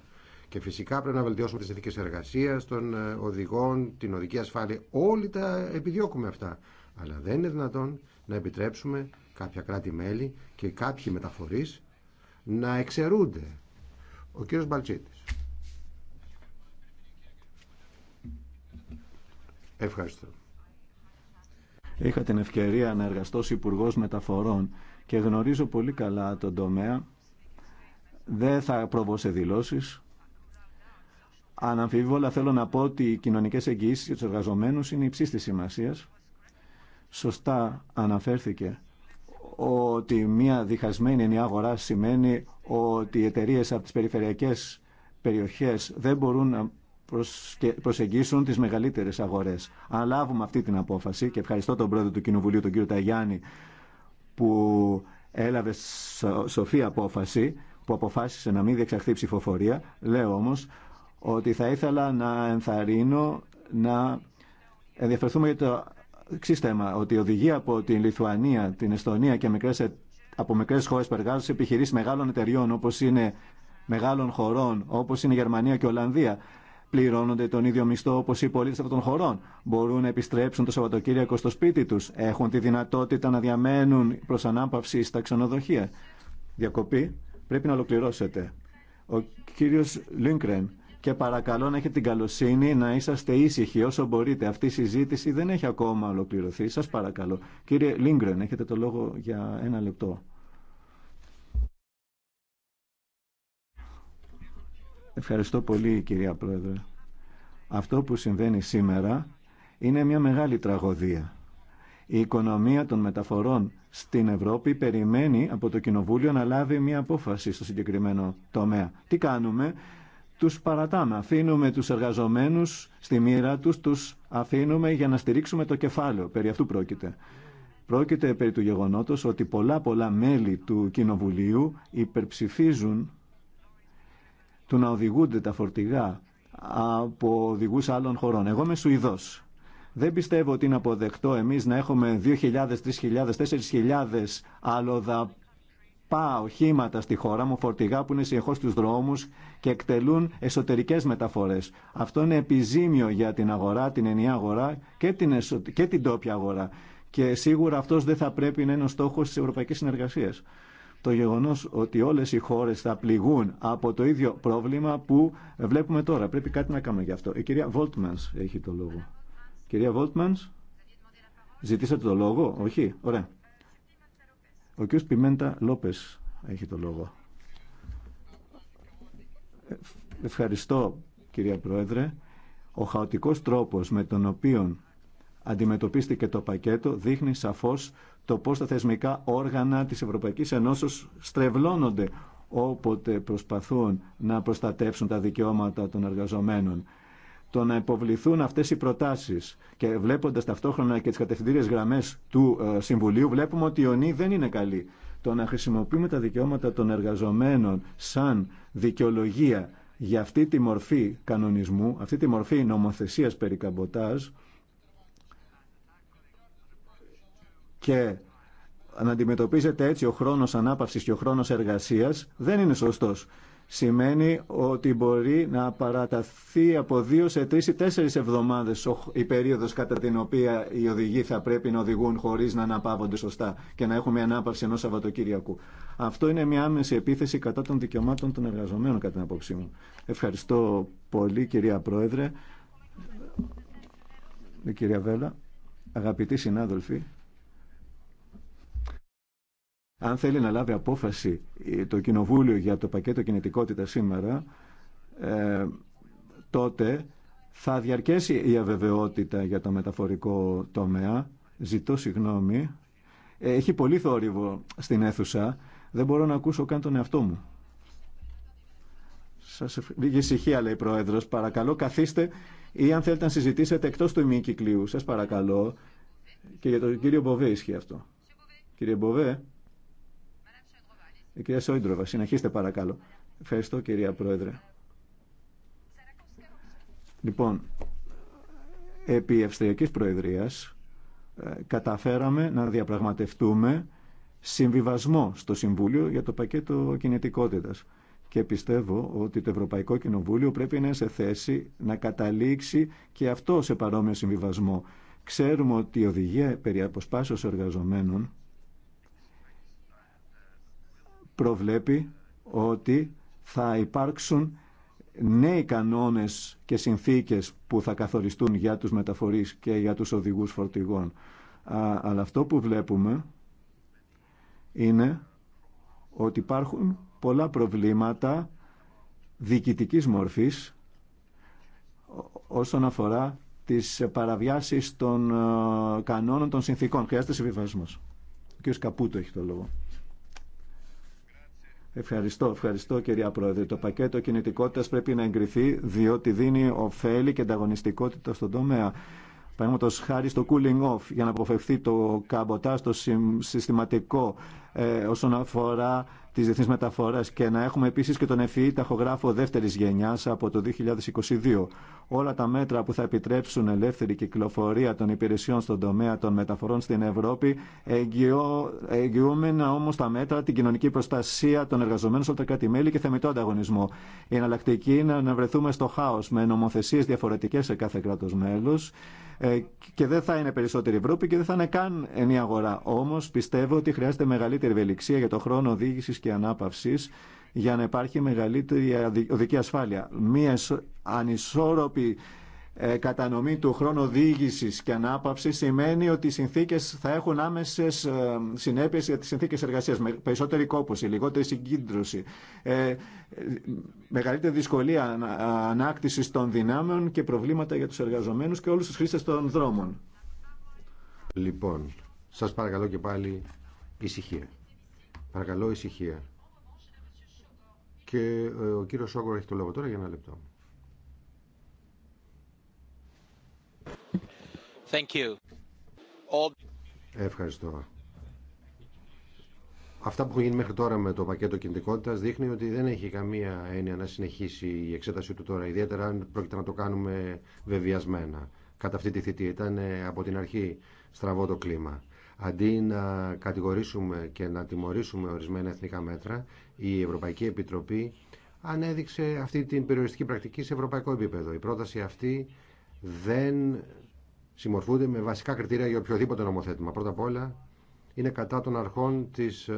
Και φυσικά πρέπει να βελτιώσουμε τις συνθήκες εργασίας των ε, οδηγών, την οδική ασφάλεια. Όλοι τα επιδιώκουμε αυτά. Αλλά δεν είναι δυνατόν να επιτρέψουμε κάποια κράτη-μέλη και κάποιοι μεταφορείς να εξαιρούνται. Ο κύριος Μπαλτσίτης. Ευχαριστώ. Είχα την ευκαιρία να εργαστώ ως υπουργό Μεταφορών και γνωρίζω πολύ καλά τον τομέα. Δεν θα προβώ σε δηλώσεις. Αναμφιβόλα θέλω να πω ότι οι κοινωνικές εγγυήσεις για τους εργαζομένους είναι υψής της σημασίας. Σωστά αναφέρθηκε ότι μια διχασμένη ενιαία αγορά σημαίνει ότι οι εταιρείε από τις περιφερειακές περιοχές δεν μπορούν να προσεγγίσουν τι μεγαλύτερε αγορέ. Αν λάβουμε αυτή την απόφαση και ευχαριστώ τον πρόεδρο του Κοινοβουλίου, τον κύριο Ταγιάννη, που έλαβε σοφή απόφαση, που αποφάσισε να μην διεξαχθεί ψηφοφορία, λέω όμω ότι θα ήθελα να ενθαρρύνω να ενδιαφερθούμε για το εξή θέμα, ότι οδηγεί από την Λιθουανία, την Εστονία και μικρές, από μικρέ χώρε που εργάζονται σε επιχειρήσει μεγάλων εταιριών, όπω είναι μεγάλων χωρών, όπω είναι η Γερμανία και η Ολλανδία, πληρώνονται τον ίδιο μισθό όπω οι πολίτε αυτών των χωρών. Μπορούν να επιστρέψουν το Σαββατοκύριακο στο σπίτι του. Έχουν τη δυνατότητα να διαμένουν προ ανάπαυση στα ξενοδοχεία. Διακοπή. Πρέπει να ολοκληρώσετε. Ο κύριο Λίνκρεν. Και παρακαλώ να έχετε την καλοσύνη να είσαστε ήσυχοι όσο μπορείτε. Αυτή η συζήτηση δεν έχει ακόμα ολοκληρωθεί. σα παρακαλώ. Κύριε Λίνκρεν, έχετε το λόγο για ένα λεπτό. Ευχαριστώ πολύ κυρία Πρόεδρε. Αυτό που συμβαίνει σήμερα είναι μια μεγάλη τραγωδία. Η οικονομία των μεταφορών στην Ευρώπη περιμένει από το Κοινοβούλιο να λάβει μια απόφαση στο συγκεκριμένο τομέα. Τι κάνουμε, τους παρατάμε, αφήνουμε τους εργαζομένους στη μοίρα τους, τους αφήνουμε για να στηρίξουμε το κεφάλαιο, περί αυτού πρόκειται. Πρόκειται περί του γεγονότος ότι πολλά πολλά μέλη του Κοινοβουλίου υπερψηφίζουν του να οδηγούνται τα φορτηγά από οδηγού άλλων χωρών. Εγώ είμαι Σουηδό. Δεν πιστεύω ότι είναι αποδεκτό εμεί να έχουμε 2.000, 3.000, 4.000 αλλοδαπά οχήματα στη χώρα μου, φορτηγά που είναι συνεχώ στου δρόμου και εκτελούν εσωτερικέ μεταφορέ. Αυτό είναι επιζήμιο για την αγορά, την ενιαία αγορά και την, εσω... και την τόπια αγορά. Και σίγουρα αυτό δεν θα πρέπει να είναι ο στόχο τη ευρωπαϊκή συνεργασία το γεγονός ότι όλες οι χώρες θα πληγούν από το ίδιο πρόβλημα που βλέπουμε τώρα. Πρέπει κάτι να κάνουμε γι' αυτό. Η κυρία Βόλτμανς έχει το λόγο. Κυρία Βόλτμανς, ζητήσατε το λόγο, όχι, ωραία. Ο κύριος Πιμέντα Λόπες έχει το λόγο. Ευχαριστώ κυρία Πρόεδρε. Ο χαοτικός τρόπος με τον οποίο αντιμετωπίστηκε το πακέτο δείχνει σαφώς το πώς τα θεσμικά όργανα της Ευρωπαϊκής Ενώσεως στρεβλώνονται όποτε προσπαθούν να προστατεύσουν τα δικαιώματα των εργαζομένων. Το να υποβληθούν αυτές οι προτάσεις και βλέποντας ταυτόχρονα και τις κατευθυντήριες γραμμές του ε, Συμβουλίου βλέπουμε ότι η ονή δεν είναι καλή. Το να χρησιμοποιούμε τα δικαιώματα των εργαζομένων σαν δικαιολογία για αυτή τη μορφή κανονισμού, αυτή τη μορφή νομοθεσίας περί καμποτάζ, και να αντιμετωπίζεται έτσι ο χρόνος ανάπαυσης και ο χρόνος εργασίας δεν είναι σωστός. Σημαίνει ότι μπορεί να παραταθεί από δύο σε τρεις ή τέσσερις εβδομάδες η περίοδος κατά την οποία οι οδηγοί θα πρέπει να οδηγούν χωρίς να αναπαύονται σωστά και να έχουμε ανάπαυση ενός Σαββατοκύριακου. Αυτό είναι μια άμεση επίθεση κατά των δικαιωμάτων των εργαζομένων κατά την απόψή μου. Ευχαριστώ πολύ κυρία Πρόεδρε. Ε, κυρία Βέλα, αγαπητοί συνάδελφοι, αν θέλει να λάβει απόφαση ε, το Κοινοβούλιο για το πακέτο κινητικότητα σήμερα, ε, τότε θα διαρκέσει η αβεβαιότητα για το μεταφορικό τομέα. Ζητώ συγγνώμη. Ε, έχει πολύ θόρυβο στην αίθουσα. Δεν μπορώ να ακούσω καν τον εαυτό μου. Σας ευχαριστώ. Λίγη ησυχία λέει η Πρόεδρος. Παρακαλώ καθίστε ή αν θέλετε να συζητήσετε εκτός του ημικυκλίου. Σας παρακαλώ. Και για τον κύριο Μποβέ ισχύει αυτό. Κύριε Μποβέ. Η ε, κυρία Σόιντροβα, συνεχίστε παρακαλώ. Ευχαριστώ κυρία Πρόεδρε. Λοιπόν, επί Αυστριακής Προεδρίας ε, καταφέραμε να διαπραγματευτούμε συμβιβασμό στο Συμβούλιο για το πακέτο κινητικότητας. Και πιστεύω ότι το Ευρωπαϊκό Κοινοβούλιο πρέπει να είναι σε θέση να καταλήξει και αυτό σε παρόμοιο συμβιβασμό. Ξέρουμε ότι η οδηγία περί αποσπάσεως εργαζομένων προβλέπει ότι θα υπάρξουν νέοι κανόνες και συνθήκες που θα καθοριστούν για τους μεταφορείς και για τους οδηγούς φορτηγών. Αλλά αυτό που βλέπουμε είναι ότι υπάρχουν πολλά προβλήματα διοικητικής μορφής όσον αφορά τις παραβιάσεις των ε, κανόνων των συνθήκων. Χρειάζεται συμβιβασμός. Ο κ. Καπούτο έχει το λόγο. Ευχαριστώ, ευχαριστώ κυρία Πρόεδρε. Το πακέτο κινητικότητας πρέπει να εγκριθεί διότι δίνει ωφέλη και ανταγωνιστικότητα στον τομέα παραδείγματο χάρη στο cooling off για να αποφευθεί το καμποτάστο συστηματικό ε, όσον αφορά τι διεθνεί μεταφορέ και να έχουμε επίση και τον ΕΦΗ e ταχογράφο δεύτερη γενιά από το 2022. Όλα τα μέτρα που θα επιτρέψουν ελεύθερη κυκλοφορία των υπηρεσιών στον τομέα των μεταφορών στην Ευρώπη, εγγυούμενα όμω τα μέτρα την κοινωνική προστασία των εργαζομένων σε όλα τα κράτη-μέλη και θεμητό ανταγωνισμό. Η εναλλακτική είναι να βρεθούμε στο χάο με νομοθεσίε διαφορετικέ σε κάθε κράτο μέλο ε, και δεν θα είναι περισσότερη Ευρώπη και δεν θα είναι καν ενή αγορά. Όμω πιστεύω ότι χρειάζεται μεγαλύτερη ευελιξία για το χρόνο οδήγηση και ανάπαυση για να υπάρχει μεγαλύτερη οδική ασφάλεια. Μία ανισόρροπη ε, κατανομή του χρόνου οδήγηση και ανάπαυση σημαίνει ότι οι συνθήκε θα έχουν άμεσε ε, συνέπειε για τι συνθήκε εργασία. Με περισσότερη κόπωση, λιγότερη συγκέντρωση, ε, μεγαλύτερη δυσκολία ανάκτηση των δυνάμεων και προβλήματα για του εργαζομένου και όλου του χρήστε των δρόμων. Λοιπόν, σας παρακαλώ και πάλι ησυχία. Παρακαλώ ησυχία. Και ε, ο κύριος Σόγκορ έχει το λόγο τώρα για ένα λεπτό. Ευχαριστώ. Αυτά που έχουν γίνει μέχρι τώρα με το πακέτο κινητικότητα δείχνει ότι δεν έχει καμία έννοια να συνεχίσει η εξέτασή του τώρα, ιδιαίτερα αν πρόκειται να το κάνουμε βεβαιασμένα. Κατά αυτή τη θητεία ήταν ε, από την αρχή στραβό το κλίμα. Αντί να κατηγορήσουμε και να τιμωρήσουμε ορισμένα εθνικά μέτρα, η Ευρωπαϊκή Επιτροπή ανέδειξε αυτή την περιοριστική πρακτική σε ευρωπαϊκό επίπεδο. Η πρόταση αυτή δεν συμμορφούνται με βασικά κριτήρια για οποιοδήποτε νομοθέτημα. Πρώτα απ' όλα είναι κατά των αρχών της ε,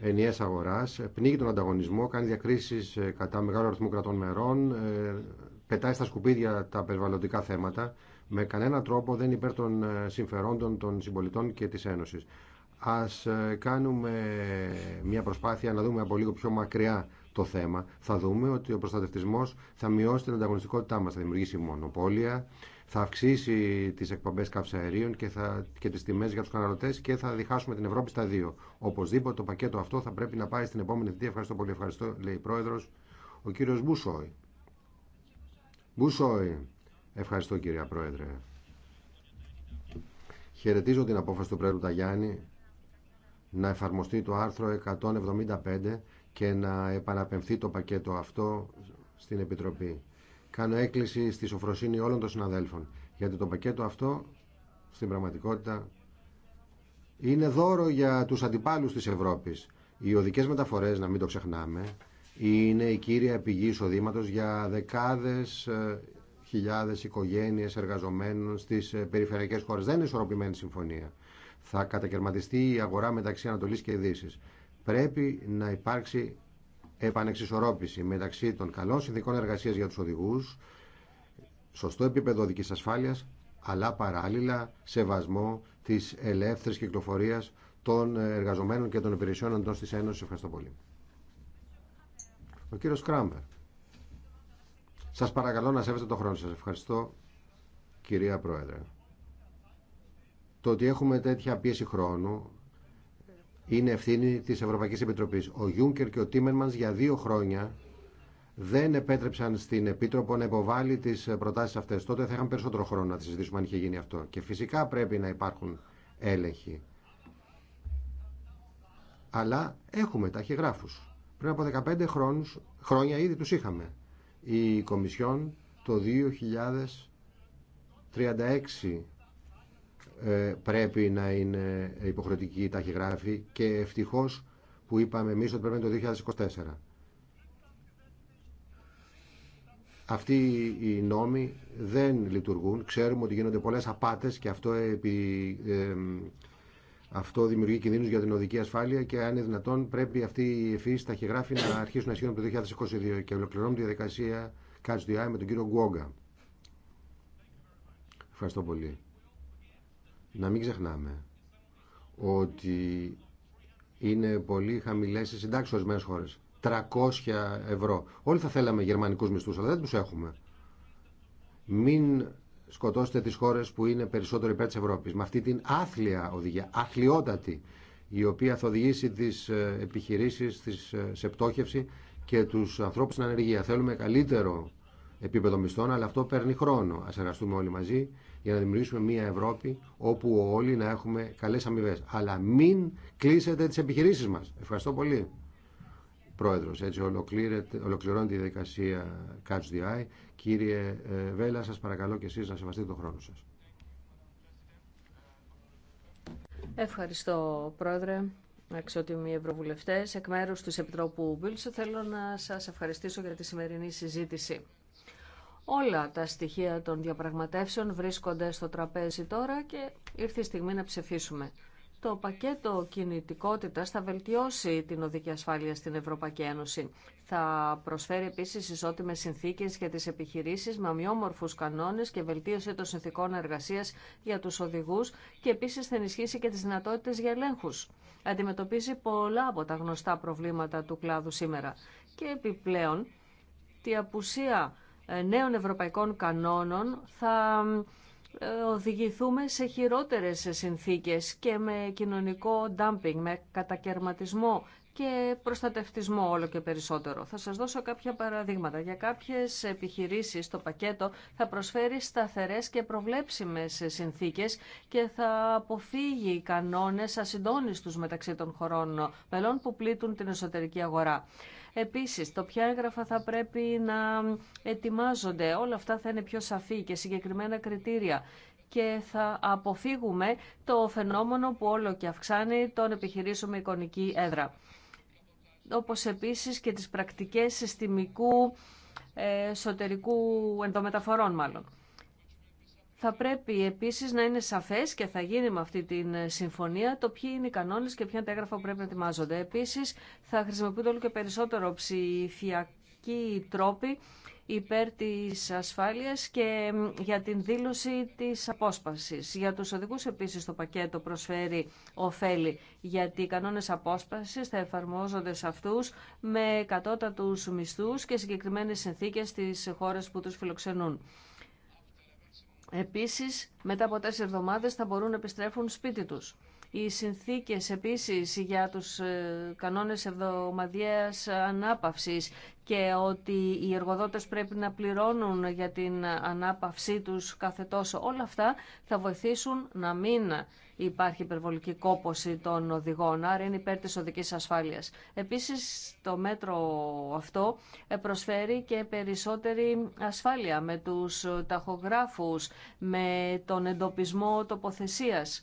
ενιαίας αγοράς, πνίγει τον ανταγωνισμό, κάνει διακρίσεις ε, κατά μεγάλο αριθμό κρατών μερών, ε, πετάει στα σκουπίδια τα περιβαλλοντικά θέματα, με κανένα τρόπο δεν υπέρ των συμφερόντων των συμπολιτών και της Ένωσης. Ας κάνουμε μια προσπάθεια να δούμε από λίγο πιο μακριά το θέμα, θα δούμε ότι ο προστατευτισμός θα μειώσει την ανταγωνιστικότητά μα. θα δημιουργήσει μονοπόλια, θα αυξήσει τις εκπομπές καυσαερίων και, θα, και τις τιμές για του καταναλωτές και θα διχάσουμε την Ευρώπη στα δύο. Οπωσδήποτε το πακέτο αυτό θα πρέπει να πάει στην επόμενη θητεία. Ευχαριστώ πολύ, ευχαριστώ, λέει η Πρόεδρος, ο κύριο Μπουσόη. Μπουσόη, ευχαριστώ κυρία Πρόεδρε. Χαιρετίζω την απόφαση του Πρέδρου Ταγιάννη να εφαρμοστεί το άρθρο 175 και να επαναπεμφθεί το πακέτο αυτό στην Επιτροπή. Κάνω έκκληση στη σοφροσύνη όλων των συναδέλφων, γιατί το πακέτο αυτό στην πραγματικότητα είναι δώρο για τους αντιπάλους της Ευρώπης. Οι οδικές μεταφορές, να μην το ξεχνάμε, είναι η κύρια πηγή εισοδήματο για δεκάδες ε, χιλιάδες οικογένειες εργαζομένων στις ε, περιφερειακές χώρες. Δεν είναι ισορροπημένη συμφωνία. Θα κατακαιρματιστεί η αγορά μεταξύ Ανατολής και Δύσης. Πρέπει να υπάρξει επανεξισορρόπηση μεταξύ των καλών συνδικών εργασίας για τους οδηγούς, σωστό επίπεδο οδικής ασφάλειας, αλλά παράλληλα σεβασμό της ελεύθερης κυκλοφορίας των εργαζομένων και των υπηρεσιών εντό της Ένωσης. Ευχαριστώ πολύ. Ο κύριος Κράμπερ. Σας παρακαλώ να σέβεστε τον χρόνο σας. Ευχαριστώ, κυρία Πρόεδρε. Το ότι έχουμε τέτοια πίεση χρόνου είναι ευθύνη τη Ευρωπαϊκή Επιτροπή. Ο Γιούνκερ και ο Τίμερμανς για δύο χρόνια δεν επέτρεψαν στην Επίτροπο να υποβάλει τις προτάσεις αυτέ. Τότε θα είχαν περισσότερο χρόνο να τι συζητήσουμε αν είχε γίνει αυτό. Και φυσικά πρέπει να υπάρχουν έλεγχοι. Αλλά έχουμε ταχυγράφου. Πριν από 15 χρόνους, χρόνια ήδη του είχαμε. Η Κομισιόν το 2036 ε, πρέπει να είναι υποχρεωτική η ταχυγράφη και ευτυχώ που είπαμε εμεί ότι πρέπει να είναι το 2024. Αυτοί οι νόμοι δεν λειτουργούν. Ξέρουμε ότι γίνονται πολλές απάτες και αυτό, επί, αυτό δημιουργεί κινδύνους για την οδική ασφάλεια και αν είναι δυνατόν πρέπει αυτοί οι ευφυείς ταχυγράφοι να αρχίσουν να ισχύουν από το 2022 και ολοκληρώνουμε τη διαδικασία Catch με τον κύριο Γκουόγκα. Ευχαριστώ πολύ να μην ξεχνάμε ότι είναι πολύ χαμηλέ οι συντάξει ορισμένε χώρε. 300 ευρώ. Όλοι θα θέλαμε γερμανικού μισθού, αλλά δεν του έχουμε. Μην σκοτώσετε τι χώρε που είναι περισσότερο υπέρ τη Ευρώπη. Με αυτή την άθλια οδηγία, αθλιότατη, η οποία θα οδηγήσει τι ε, επιχειρήσει ε, σε πτώχευση και του ανθρώπου στην ανεργία. Θέλουμε καλύτερο επίπεδο μισθών, αλλά αυτό παίρνει χρόνο. Α εργαστούμε όλοι μαζί για να δημιουργήσουμε μια Ευρώπη όπου όλοι να έχουμε καλέ αμοιβέ. Αλλά μην κλείσετε τι επιχειρήσει μα. Ευχαριστώ πολύ. Πρόεδρος, έτσι ολοκληρώνει τη διαδικασία Catch the Eye. Κύριε ε, Βέλα, σας παρακαλώ και εσείς να σεβαστείτε τον χρόνο σας. Ευχαριστώ, Πρόεδρε. Αξιότιμοι Ευρωβουλευτές. εκ μέρους του Επιτρόπου Μπίλσο θέλω να σα ευχαριστήσω για τη σημερινή συζήτηση. Όλα τα στοιχεία των διαπραγματεύσεων βρίσκονται στο τραπέζι τώρα και ήρθε η στιγμή να ψηφίσουμε. Το πακέτο κινητικότητα θα βελτιώσει την οδική ασφάλεια στην Ευρωπαϊκή Ένωση. Θα προσφέρει επίση ισότιμε συνθήκε για τι επιχειρήσει με ομοιόμορφου κανόνε και βελτίωση των συνθήκων εργασία για του οδηγού και επίση θα ενισχύσει και τι δυνατότητε για ελέγχου. Αντιμετωπίζει πολλά από τα γνωστά προβλήματα του κλάδου σήμερα. Και επιπλέον, τη απουσία ε, νέων ευρωπαϊκών κανόνων θα ε, οδηγηθούμε σε χειρότερες συνθήκες και με κοινωνικό ντάμπινγκ, με κατακαιρματισμό και προστατευτισμό όλο και περισσότερο. Θα σας δώσω κάποια παραδείγματα. Για κάποιες επιχειρήσεις το πακέτο θα προσφέρει σταθερές και προβλέψιμες συνθήκες και θα αποφύγει κανόνες ασυντόνιστους μεταξύ των χωρών μελών που πλήττουν την εσωτερική αγορά. Επίσης, το ποια έγγραφα θα πρέπει να ετοιμάζονται. Όλα αυτά θα είναι πιο σαφή και συγκεκριμένα κριτήρια και θα αποφύγουμε το φαινόμενο που όλο και αυξάνει τον επιχειρήσουμε εικονική έδρα. Όπως επίσης και τις πρακτικές συστημικού ε, εσωτερικού ενδομεταφορών μάλλον. Θα πρέπει επίση να είναι σαφέ και θα γίνει με αυτή τη ε, συμφωνία το ποιοι είναι οι κανόνε και ποια αντέγραφα που πρέπει να ετοιμάζονται. Επίση, θα χρησιμοποιούνται όλο και περισσότερο ψηφιακοί τρόποι υπέρ τη ασφάλεια και για την δήλωση τη απόσπαση. Για του οδηγού επίση το πακέτο προσφέρει ωφέλη, γιατί οι κανόνε απόσπαση θα εφαρμόζονται σε αυτού με κατώτατου μισθού και συγκεκριμένε συνθήκε στις χώρες που του φιλοξενούν. Επίσης, μετά από τέσσερις εβδομάδες θα μπορούν να επιστρέφουν σπίτι τους. Οι συνθήκες επίσης για τους ε, κανόνες εβδομαδιαίας ανάπαυσης και ότι οι εργοδότες πρέπει να πληρώνουν για την ανάπαυσή τους κάθε τόσο. Όλα αυτά θα βοηθήσουν να μην υπάρχει υπερβολική κόπωση των οδηγών, άρα είναι υπέρ της οδικής ασφάλειας. Επίσης, το μέτρο αυτό προσφέρει και περισσότερη ασφάλεια με τους ταχογράφους, με τον εντοπισμό τοποθεσίας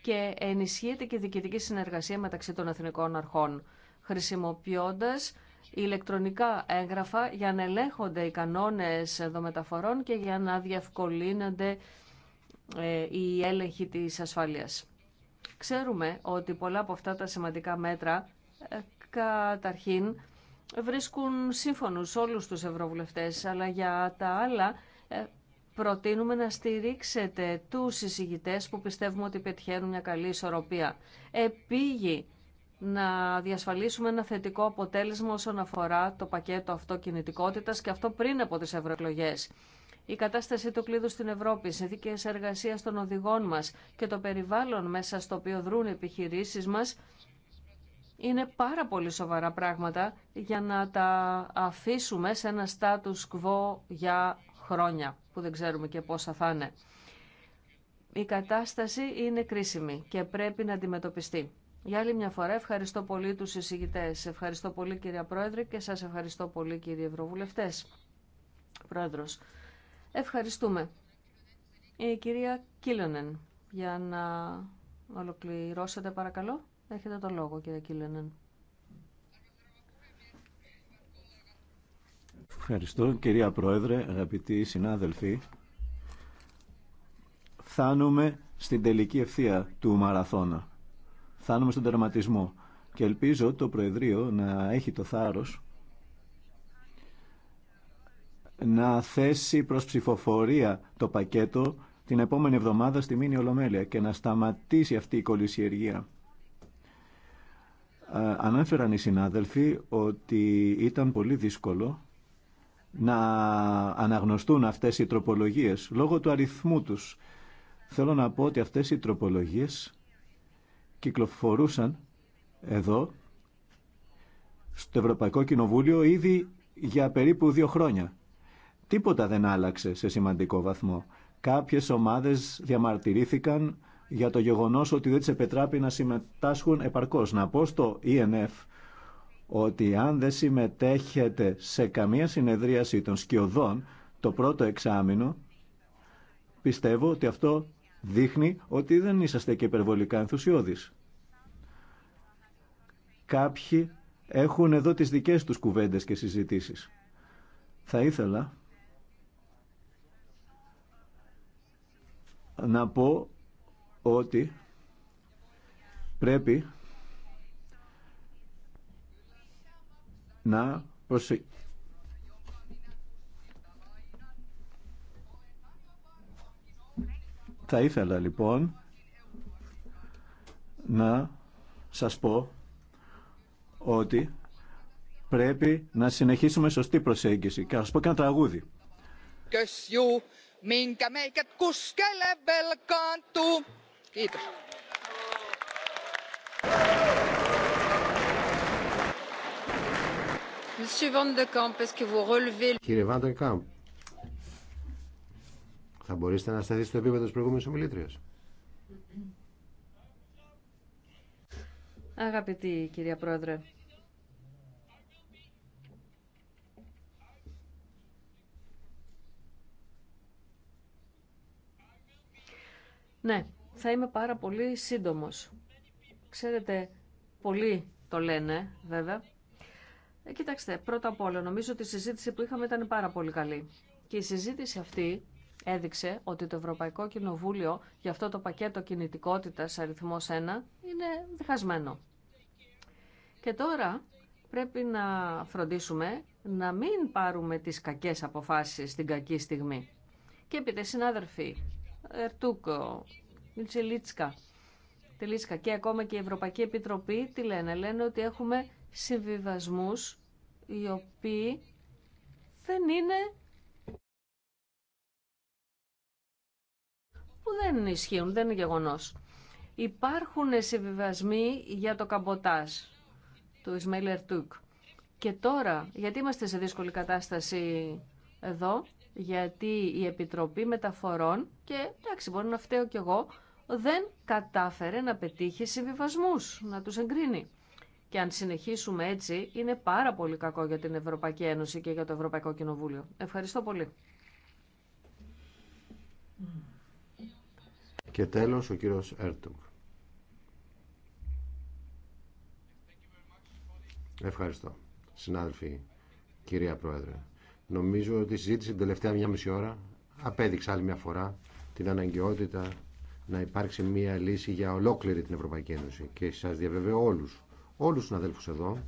και ενισχύεται και η διοικητική συνεργασία μεταξύ των εθνικών αρχών, χρησιμοποιώντας ηλεκτρονικά έγγραφα για να ελέγχονται οι κανόνες δομεταφορών και για να διευκολύνονται ε, οι έλεγχοι της ασφάλειας. Ξέρουμε ότι πολλά από αυτά τα σημαντικά μέτρα ε, καταρχήν βρίσκουν σύμφωνους όλους τους ευρωβουλευτές, αλλά για τα άλλα ε, προτείνουμε να στηρίξετε τους συζητητές που πιστεύουμε ότι πετυχαίνουν μια καλή ισορροπία. Επίγει να διασφαλίσουμε ένα θετικό αποτέλεσμα όσον αφορά το πακέτο αυτό και αυτό πριν από τις ευρωεκλογέ. Η κατάσταση του κλείδου στην Ευρώπη, οι συνθήκε εργασία των οδηγών μα και το περιβάλλον μέσα στο οποίο δρούν οι επιχειρήσει μα είναι πάρα πολύ σοβαρά πράγματα για να τα αφήσουμε σε ένα status quo για χρόνια που δεν ξέρουμε και πόσα θα είναι. Η κατάσταση είναι κρίσιμη και πρέπει να αντιμετωπιστεί. Για άλλη μια φορά ευχαριστώ πολύ τους εισηγητές. Ευχαριστώ πολύ κυρία Πρόεδρε και σας ευχαριστώ πολύ κύριε Ευρωβουλευτές. Πρόεδρος, ευχαριστούμε. Η κυρία Κίλονεν, για να ολοκληρώσετε παρακαλώ. Έχετε το λόγο κύριε Κίλονεν. Ευχαριστώ κυρία Πρόεδρε, αγαπητοί συνάδελφοι. Φτάνουμε στην τελική ευθεία του μαραθώνα. Φτάνουμε στον τερματισμό και ελπίζω το Προεδρείο να έχει το θάρρος να θέσει προς ψηφοφορία το πακέτο την επόμενη εβδομάδα στη Μήνη Ολομέλεια και να σταματήσει αυτή η κολυσιεργία. Ε, ανέφεραν οι συνάδελφοι ότι ήταν πολύ δύσκολο να αναγνωστούν αυτές οι τροπολογίες λόγω του αριθμού τους. Θέλω να πω ότι αυτές οι τροπολογίες κυκλοφορούσαν εδώ στο Ευρωπαϊκό Κοινοβούλιο ήδη για περίπου δύο χρόνια. Τίποτα δεν άλλαξε σε σημαντικό βαθμό. Κάποιες ομάδες διαμαρτυρήθηκαν για το γεγονός ότι δεν τις επιτράπει να συμμετάσχουν επαρκώς. Να πω στο ENF ότι αν δεν συμμετέχετε σε καμία συνεδρίαση των σκιωδών το πρώτο εξάμεινο, πιστεύω ότι αυτό δείχνει ότι δεν είσαστε και υπερβολικά ενθουσιώδεις. Κάποιοι έχουν εδώ τις δικές τους κουβέντες και συζητήσεις. Θα ήθελα να πω ότι πρέπει να Θα ήθελα λοιπόν να σας πω ότι πρέπει να συνεχίσουμε σωστή προσέγγιση. Και να πω και ένα τραγούδι. Κύριε Κάμπ θα μπορείτε να σταθείτε στο επίπεδο της προηγούμενης ομιλήτριας. Αγαπητή κυρία Πρόεδρε, Ναι, θα είμαι πάρα πολύ σύντομος. Ξέρετε, πολλοί το λένε βέβαια, ε, κοιτάξτε, πρώτα απ' όλα, νομίζω ότι η συζήτηση που είχαμε ήταν πάρα πολύ καλή. Και η συζήτηση αυτή έδειξε ότι το Ευρωπαϊκό Κοινοβούλιο για αυτό το πακέτο κινητικότητας αριθμός 1 είναι διχασμένο. Και τώρα πρέπει να φροντίσουμε να μην πάρουμε τις κακές αποφάσεις στην κακή στιγμή. Και επειδή συνάδελφοι, Ερτούκο, Μιτσελίτσκα, Τελίσκα και ακόμα και η Ευρωπαϊκή Επιτροπή τι λένε, λένε ότι έχουμε συμβιβασμούς οι οποίοι δεν είναι που δεν ισχύουν, δεν είναι γεγονός. Υπάρχουν συμβιβασμοί για το καμποτάζ του Ισμαήλ Ερτούκ. Και τώρα, γιατί είμαστε σε δύσκολη κατάσταση εδώ, γιατί η Επιτροπή Μεταφορών, και εντάξει μπορεί να φταίω κι εγώ, δεν κατάφερε να πετύχει συμβιβασμούς, να τους εγκρίνει. Και αν συνεχίσουμε έτσι, είναι πάρα πολύ κακό για την Ευρωπαϊκή Ένωση και για το Ευρωπαϊκό Κοινοβούλιο. Ευχαριστώ πολύ. Και τέλος, ο κύριος Έρτουγκ. Ευχαριστώ, συνάδελφοι, κυρία Πρόεδρε. Νομίζω ότι η συζήτηση την τελευταία μία μισή ώρα απέδειξε άλλη μια φορά την αναγκαιότητα να υπάρξει μια λύση για ολόκληρη την Ευρωπαϊκή Ένωση. Και σας διαβεβαιώ όλους όλους τους αδέλφους εδώ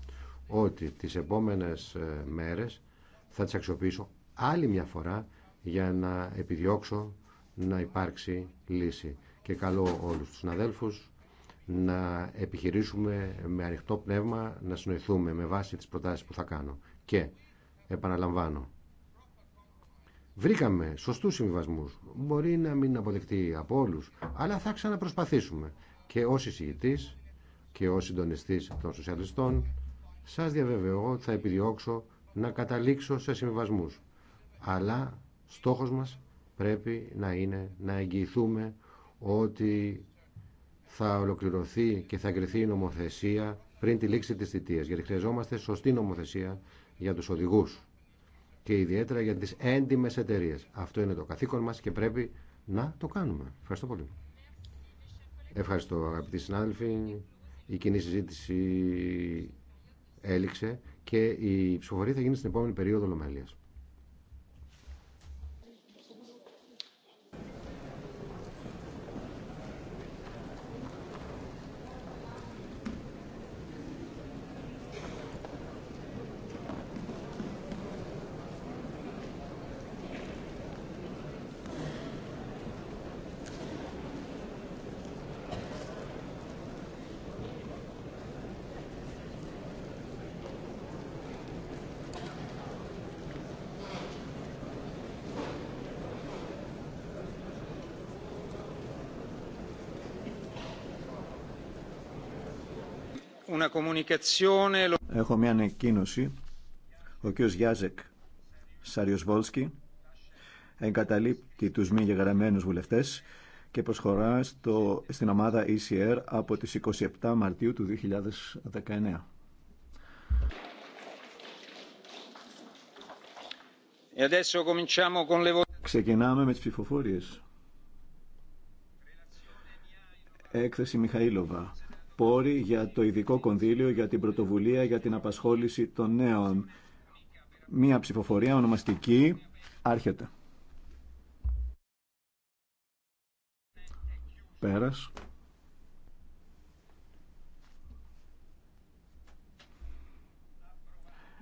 ότι τις επόμενες ε, μέρες θα τις αξιοποιήσω άλλη μια φορά για να επιδιώξω να υπάρξει λύση. Και καλώ όλους τους συναδέλφους να επιχειρήσουμε με ανοιχτό πνεύμα να συνοηθούμε με βάση τις προτάσεις που θα κάνω. Και επαναλαμβάνω, βρήκαμε σωστούς συμβιβασμού. Μπορεί να μην αποδεκτεί από όλους, αλλά θα ξαναπροσπαθήσουμε. Και ως εισηγητής και ως συντονιστής των σοσιαλιστών σας διαβεβαιώ ότι θα επιδιώξω να καταλήξω σε συμβιβασμούς. Αλλά στόχος μας πρέπει να είναι να εγγυηθούμε ότι θα ολοκληρωθεί και θα εγκριθεί η νομοθεσία πριν τη λήξη της θητείας, γιατί χρειαζόμαστε σωστή νομοθεσία για τους οδηγούς και ιδιαίτερα για τις έντιμες εταιρείε. Αυτό είναι το καθήκον μας και πρέπει να το κάνουμε. Ευχαριστώ πολύ. Ευχαριστώ αγαπητοί συνάδελφοι. Η κοινή συζήτηση έληξε και η ψηφοφορία θα γίνει στην επόμενη περίοδο Λομέλειας. Έχω μια ανακοίνωση. Ο κ. Γιάζεκ Σαριοσβόλσκι εγκαταλείπει τους μη γεγραμμένους βουλευτές και προσχωρά στην ομάδα ECR από τις 27 Μαρτίου του 2019. E Ξεκινάμε με τις ψηφοφόρειες. Έκθεση Μιχαήλοβα πόροι για το ειδικό κονδύλιο για την πρωτοβουλία για την απασχόληση των νέων. Μία ψηφοφορία ονομαστική άρχεται. Πέρας.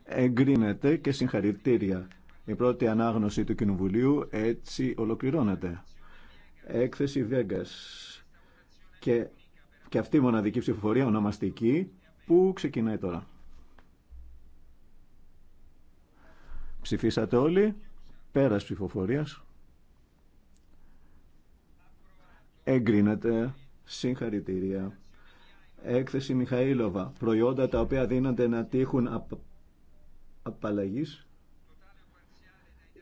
Εγκρίνεται και συγχαρητήρια. Η πρώτη ανάγνωση του Κοινοβουλίου έτσι ολοκληρώνεται. Έκθεση Βέγκας και και αυτή η μοναδική ψηφοφορία ονομαστική που ξεκινάει τώρα. Ψηφίσατε όλοι. Πέρας ψηφοφορίας. Εγκρίνεται. Συγχαρητήρια. Έκθεση Μιχαήλοβα. Προϊόντα τα οποία δίνονται να τύχουν απ... απαλλαγής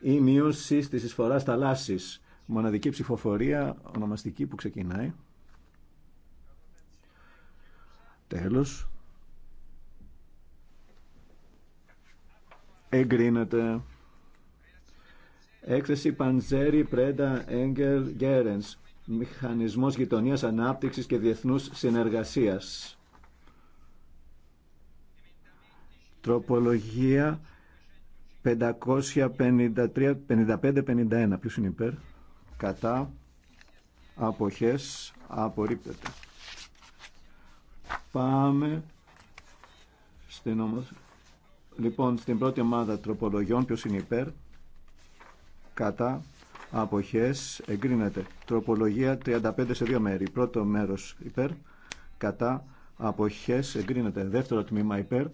ή μείωση τη εισφοράς θαλάσση. Μοναδική ψηφοφορία ονομαστική που ξεκινάει. Τέλος. Εγκρίνεται. Έκθεση Πανζέρι Πρέντα Έγκερ Γκέρενς. Μηχανισμός γειτονίας ανάπτυξης και διεθνούς συνεργασίας. 553 553-55-51. Ποιος είναι υπέρ. Κατά. Αποχές. Απορρίπτεται. Πάμε στην όμως... Λοιπόν, στην πρώτη ομάδα τροπολογιών, ποιος είναι υπέρ, κατά, αποχές, εγκρίνεται. Τροπολογία 35 σε δύο μέρη. Πρώτο μέρος υπέρ, κατά, αποχές, εγκρίνεται. Δεύτερο τμήμα υπέρ,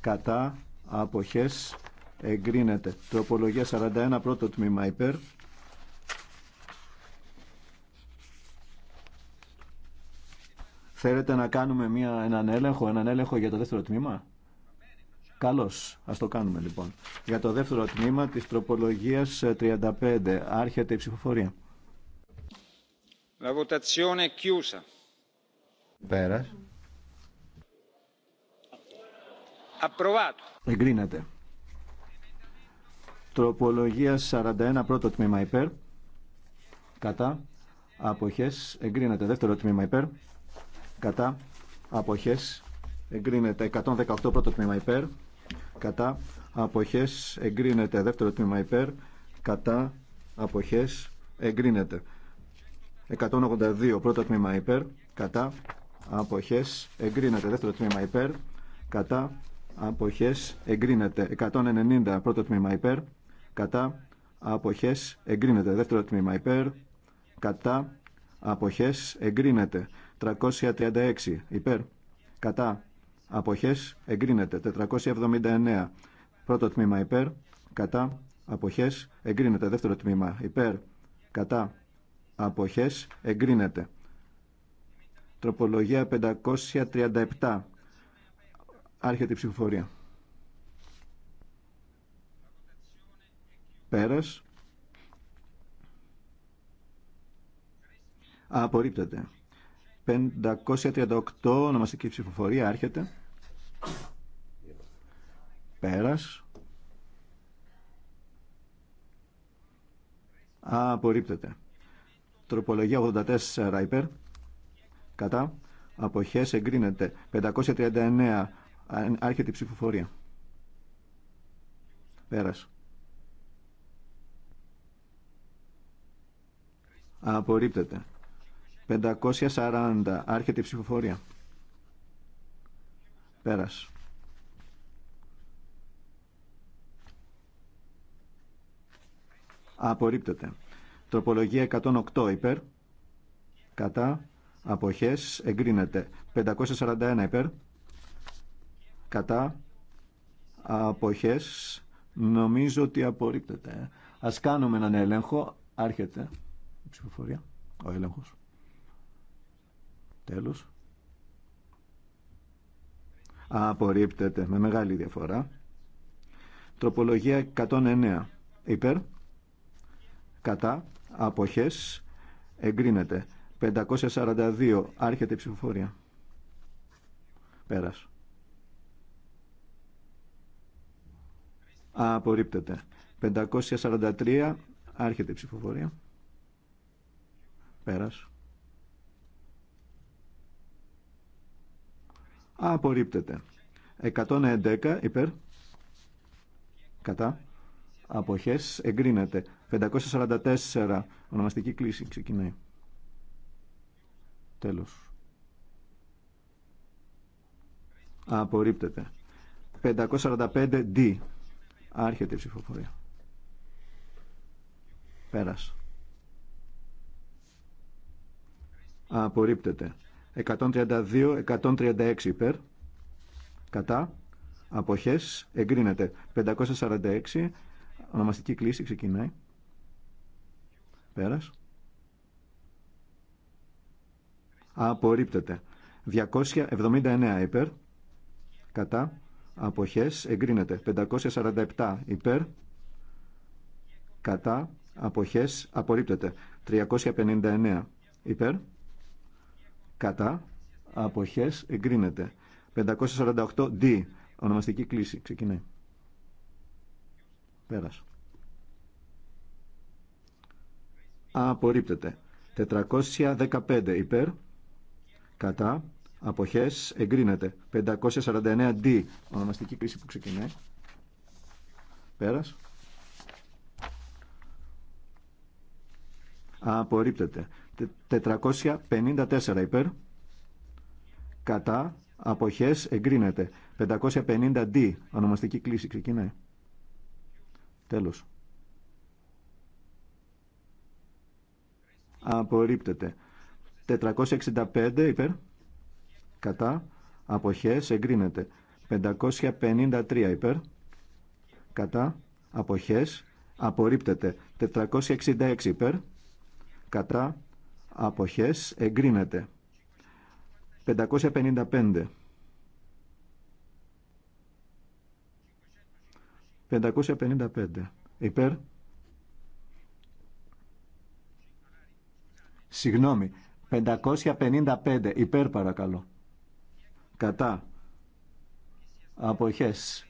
κατά, αποχές, εγκρίνεται. Τροπολογία 41, πρώτο τμήμα υπέρ, Θέλετε να κάνουμε μια, έναν έλεγχο, έναν έλεγχο για το δεύτερο τμήμα. Καλώς, ας το κάνουμε λοιπόν. Για το δεύτερο τμήμα της τροπολογίας 35, ε, άρχεται η ψηφοφορία. La votazione è chiusa. Approvato. Εγκρίνεται. Τροπολογία 41, πρώτο τμήμα υπέρ. Κατά. Αποχές. Εγκρίνεται. Δεύτερο τμήμα υπέρ κατά αποχές εγκρίνεται 118 πρώτο τμήμα υπέρ κατά αποχές εγκρίνεται δεύτερο τμήμα υπέρ κατά αποχές εγκρίνεται 182 πρώτο τμήμα υπέρ κατά αποχές εγκρίνεται δεύτερο τμήμα υπέρ κατά αποχές εγκρίνεται 190 πρώτο τμήμα υπέρ κατά αποχές εγκρίνεται δεύτερο τμήμα υπέρ κατά αποχές εγκρίνεται 336 υπέρ κατά αποχές εγκρίνεται 479 πρώτο τμήμα υπέρ κατά αποχές εγκρίνεται δεύτερο τμήμα υπέρ κατά αποχές εγκρίνεται τροπολογία 537 άρχεται η ψηφοφορία πέρας απορρίπτεται 538 ονομαστική ψηφοφορία έρχεται. Πέρας. Α, απορρίπτεται. Τροπολογία 84 υπέρ. Κατά. Αποχές εγκρίνεται. 539 άρχεται η ψηφοφορία. Πέρας. Α, απορρίπτεται. 540. Άρχεται η ψηφοφορία. Πέρας. Απορρίπτεται. Τροπολογία 108 υπέρ. Κατά. Αποχές. Εγκρίνεται. 541 υπέρ. Κατά. Αποχές. Νομίζω ότι απορρίπτεται. Ας κάνουμε έναν έλεγχο. Άρχεται η ψηφοφορία. Ο έλεγχος. Τέλος. Απορρίπτεται με μεγάλη διαφορά. Τροπολογία 109. Υπέρ. Κατά. Αποχές. Εγκρίνεται. 542. Άρχεται η ψηφοφορία. Πέρας. Απορρίπτεται. 543. Άρχεται η ψηφοφορία. Πέρας. απορρίπτεται. 111 υπέρ κατά αποχές εγκρίνεται. 544 ονομαστική κλίση ξεκινάει. Τέλος. Απορρίπτεται. 545 D. Άρχεται η ψηφοφορία. Πέρας. Απορρίπτεται. 132-136 υπέρ. Κατά. Αποχές. Εγκρίνεται. 546. Ονομαστική κλίση ξεκινάει. Πέρας. Απορρίπτεται. 279 υπέρ. Κατά. Αποχές. Εγκρίνεται. 547 υπέρ. Κατά. Αποχές. Απορρίπτεται. 359 υπέρ κατά, αποχές, εγκρίνεται. 548 D, ονομαστική κλίση, ξεκινάει. Πέρας. Απορρίπτεται. 415 υπέρ, κατά, αποχές, εγκρίνεται. 549 D, ονομαστική κλίση που ξεκινάει. Πέρας. Απορρίπτεται. 454 υπέρ. Κατά. Αποχές εγκρίνεται. 550D. Ονομαστική κλίση ξεκινάει. Τέλος. Απορρίπτεται. 465 υπέρ. Κατά. Αποχές εγκρίνεται. 553 υπέρ. Κατά. Αποχές απορρίπτεται. 466 υπέρ. Κατά αποχές εγκρίνεται 555 555 υπέρ συγγνώμη 555 υπέρ παρακαλώ κατά αποχές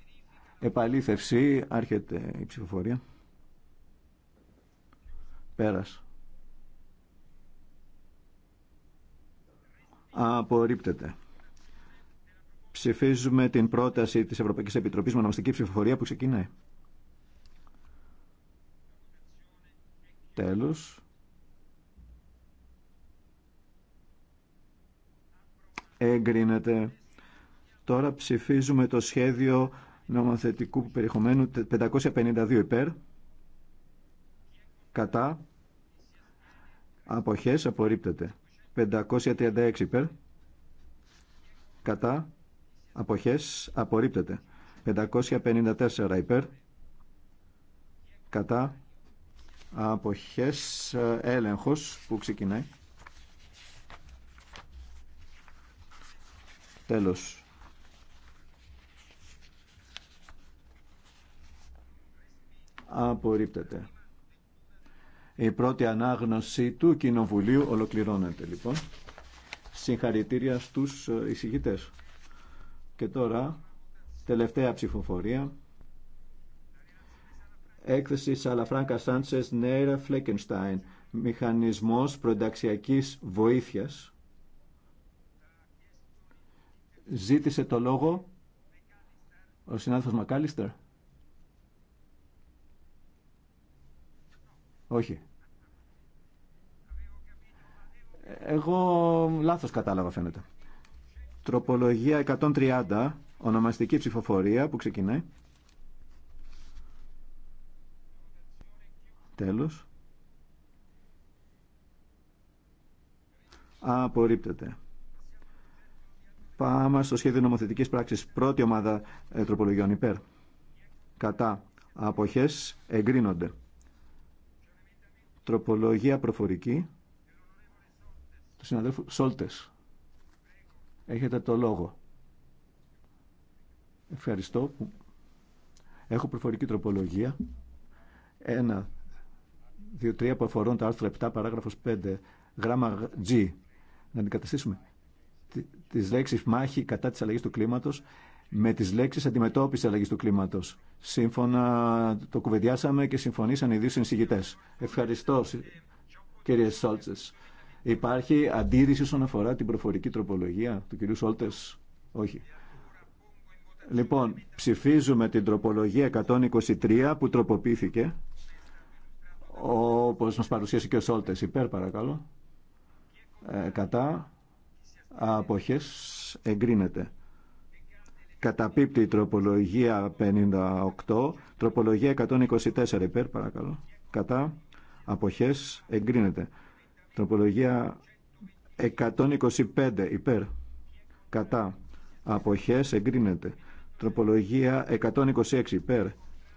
επαλήθευση άρχεται η ψηφοφορία Πέρασε. απορρίπτεται. Ψηφίζουμε την πρόταση της Ευρωπαϊκής Επιτροπής με ονομαστική ψηφοφορία που ξεκινάει. Τέλος. Εγκρίνεται. Τώρα ψηφίζουμε το σχέδιο νομοθετικού περιεχομένου 552 υπέρ. Κατά. Αποχές απορρίπτεται. 536 υπέρ. Κατά. Αποχές. Απορρίπτεται. 554 υπέρ. Κατά. Αποχές. Έλεγχος που ξεκινάει. Τέλος. Απορρίπτεται. Η πρώτη ανάγνωση του Κοινοβουλίου ολοκληρώνεται λοιπόν. Συγχαρητήρια στους ε, εισηγητές. Και τώρα, τελευταία ψηφοφορία. Έκθεση Σαλαφράνκα Σάντσες Νέιρα Φλέκενστάιν. Μηχανισμός προενταξιακής βοήθειας. Ζήτησε το λόγο ο συνάδελφος Μακάλιστερ. Όχι. Εγώ λάθος κατάλαβα φαίνεται. Τροπολογία 130, ονομαστική ψηφοφορία που ξεκινάει. Τέλος. Απορρίπτεται. Πάμε στο σχέδιο νομοθετικής πράξης. Πρώτη ομάδα ε, τροπολογιών υπέρ. Κατά. Αποχές εγκρίνονται. Τροπολογία προφορική του συναδέλφου Σόλτες. Έχετε το λόγο. Ευχαριστώ. Έχω προφορική τροπολογία. Ένα, δύο, τρία που αφορούν τα άρθρα 7, παράγραφος 5, γράμμα G. Να αντικαταστήσουμε τις λέξεις μάχη κατά της αλλαγής του κλίματος με τις λέξεις αντιμετώπιση αλλαγής του κλίματος. Σύμφωνα το κουβεντιάσαμε και συμφωνήσαν οι δύο συνσηγητές. Ευχαριστώ κύριε Σόλτσες. Υπάρχει αντίρρηση όσον αφορά την προφορική τροπολογία του κυρίου Σόλτες. Όχι. Λοιπόν, ψηφίζουμε την τροπολογία 123 που τροποποιήθηκε όπως μας παρουσίασε και ο Σόλτες. Υπέρ παρακαλώ. Ε, κατά αποχές εγκρίνεται. Καταπίπτει η τροπολογία 58, τροπολογία 124 υπέρ, παρακαλώ. Κατά, αποχές, εγκρίνεται. Τροπολογία 125 υπέρ, κατά, αποχές, εγκρίνεται. Τροπολογία 126 υπέρ,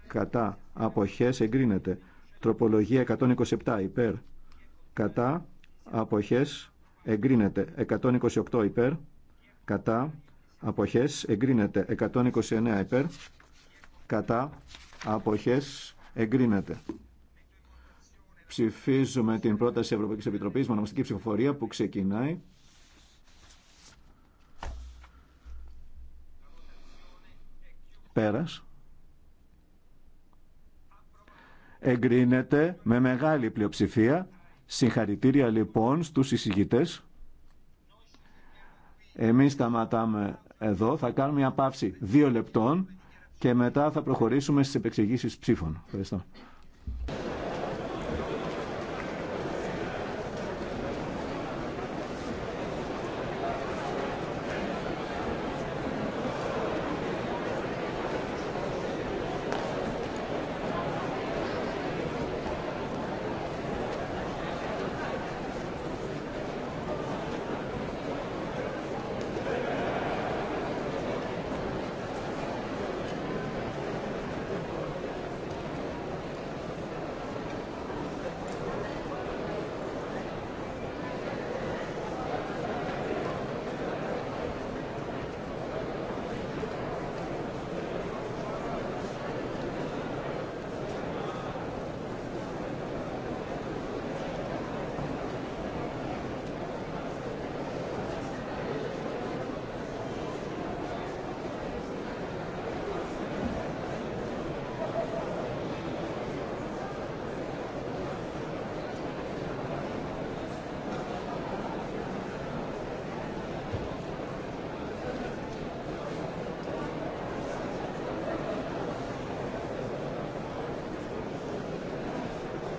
κατά, αποχές, εγκρίνεται. Τροπολογία 127 υπέρ, κατά, αποχές, εγκρίνεται. 128 υπέρ, κατά, αποχές εγκρίνεται 129 υπέρ κατά αποχές εγκρίνεται ψηφίζουμε την πρόταση Ευρωπαϊκής Επιτροπής ονομαστική ψηφοφορία που ξεκινάει πέρας εγκρίνεται με μεγάλη πλειοψηφία συγχαρητήρια λοιπόν στους εισηγητές εμείς σταματάμε εδώ θα κάνουμε μια πάυση δύο λεπτών και μετά θα προχωρήσουμε στις επεξηγήσεις ψήφων. Ευχαριστώ.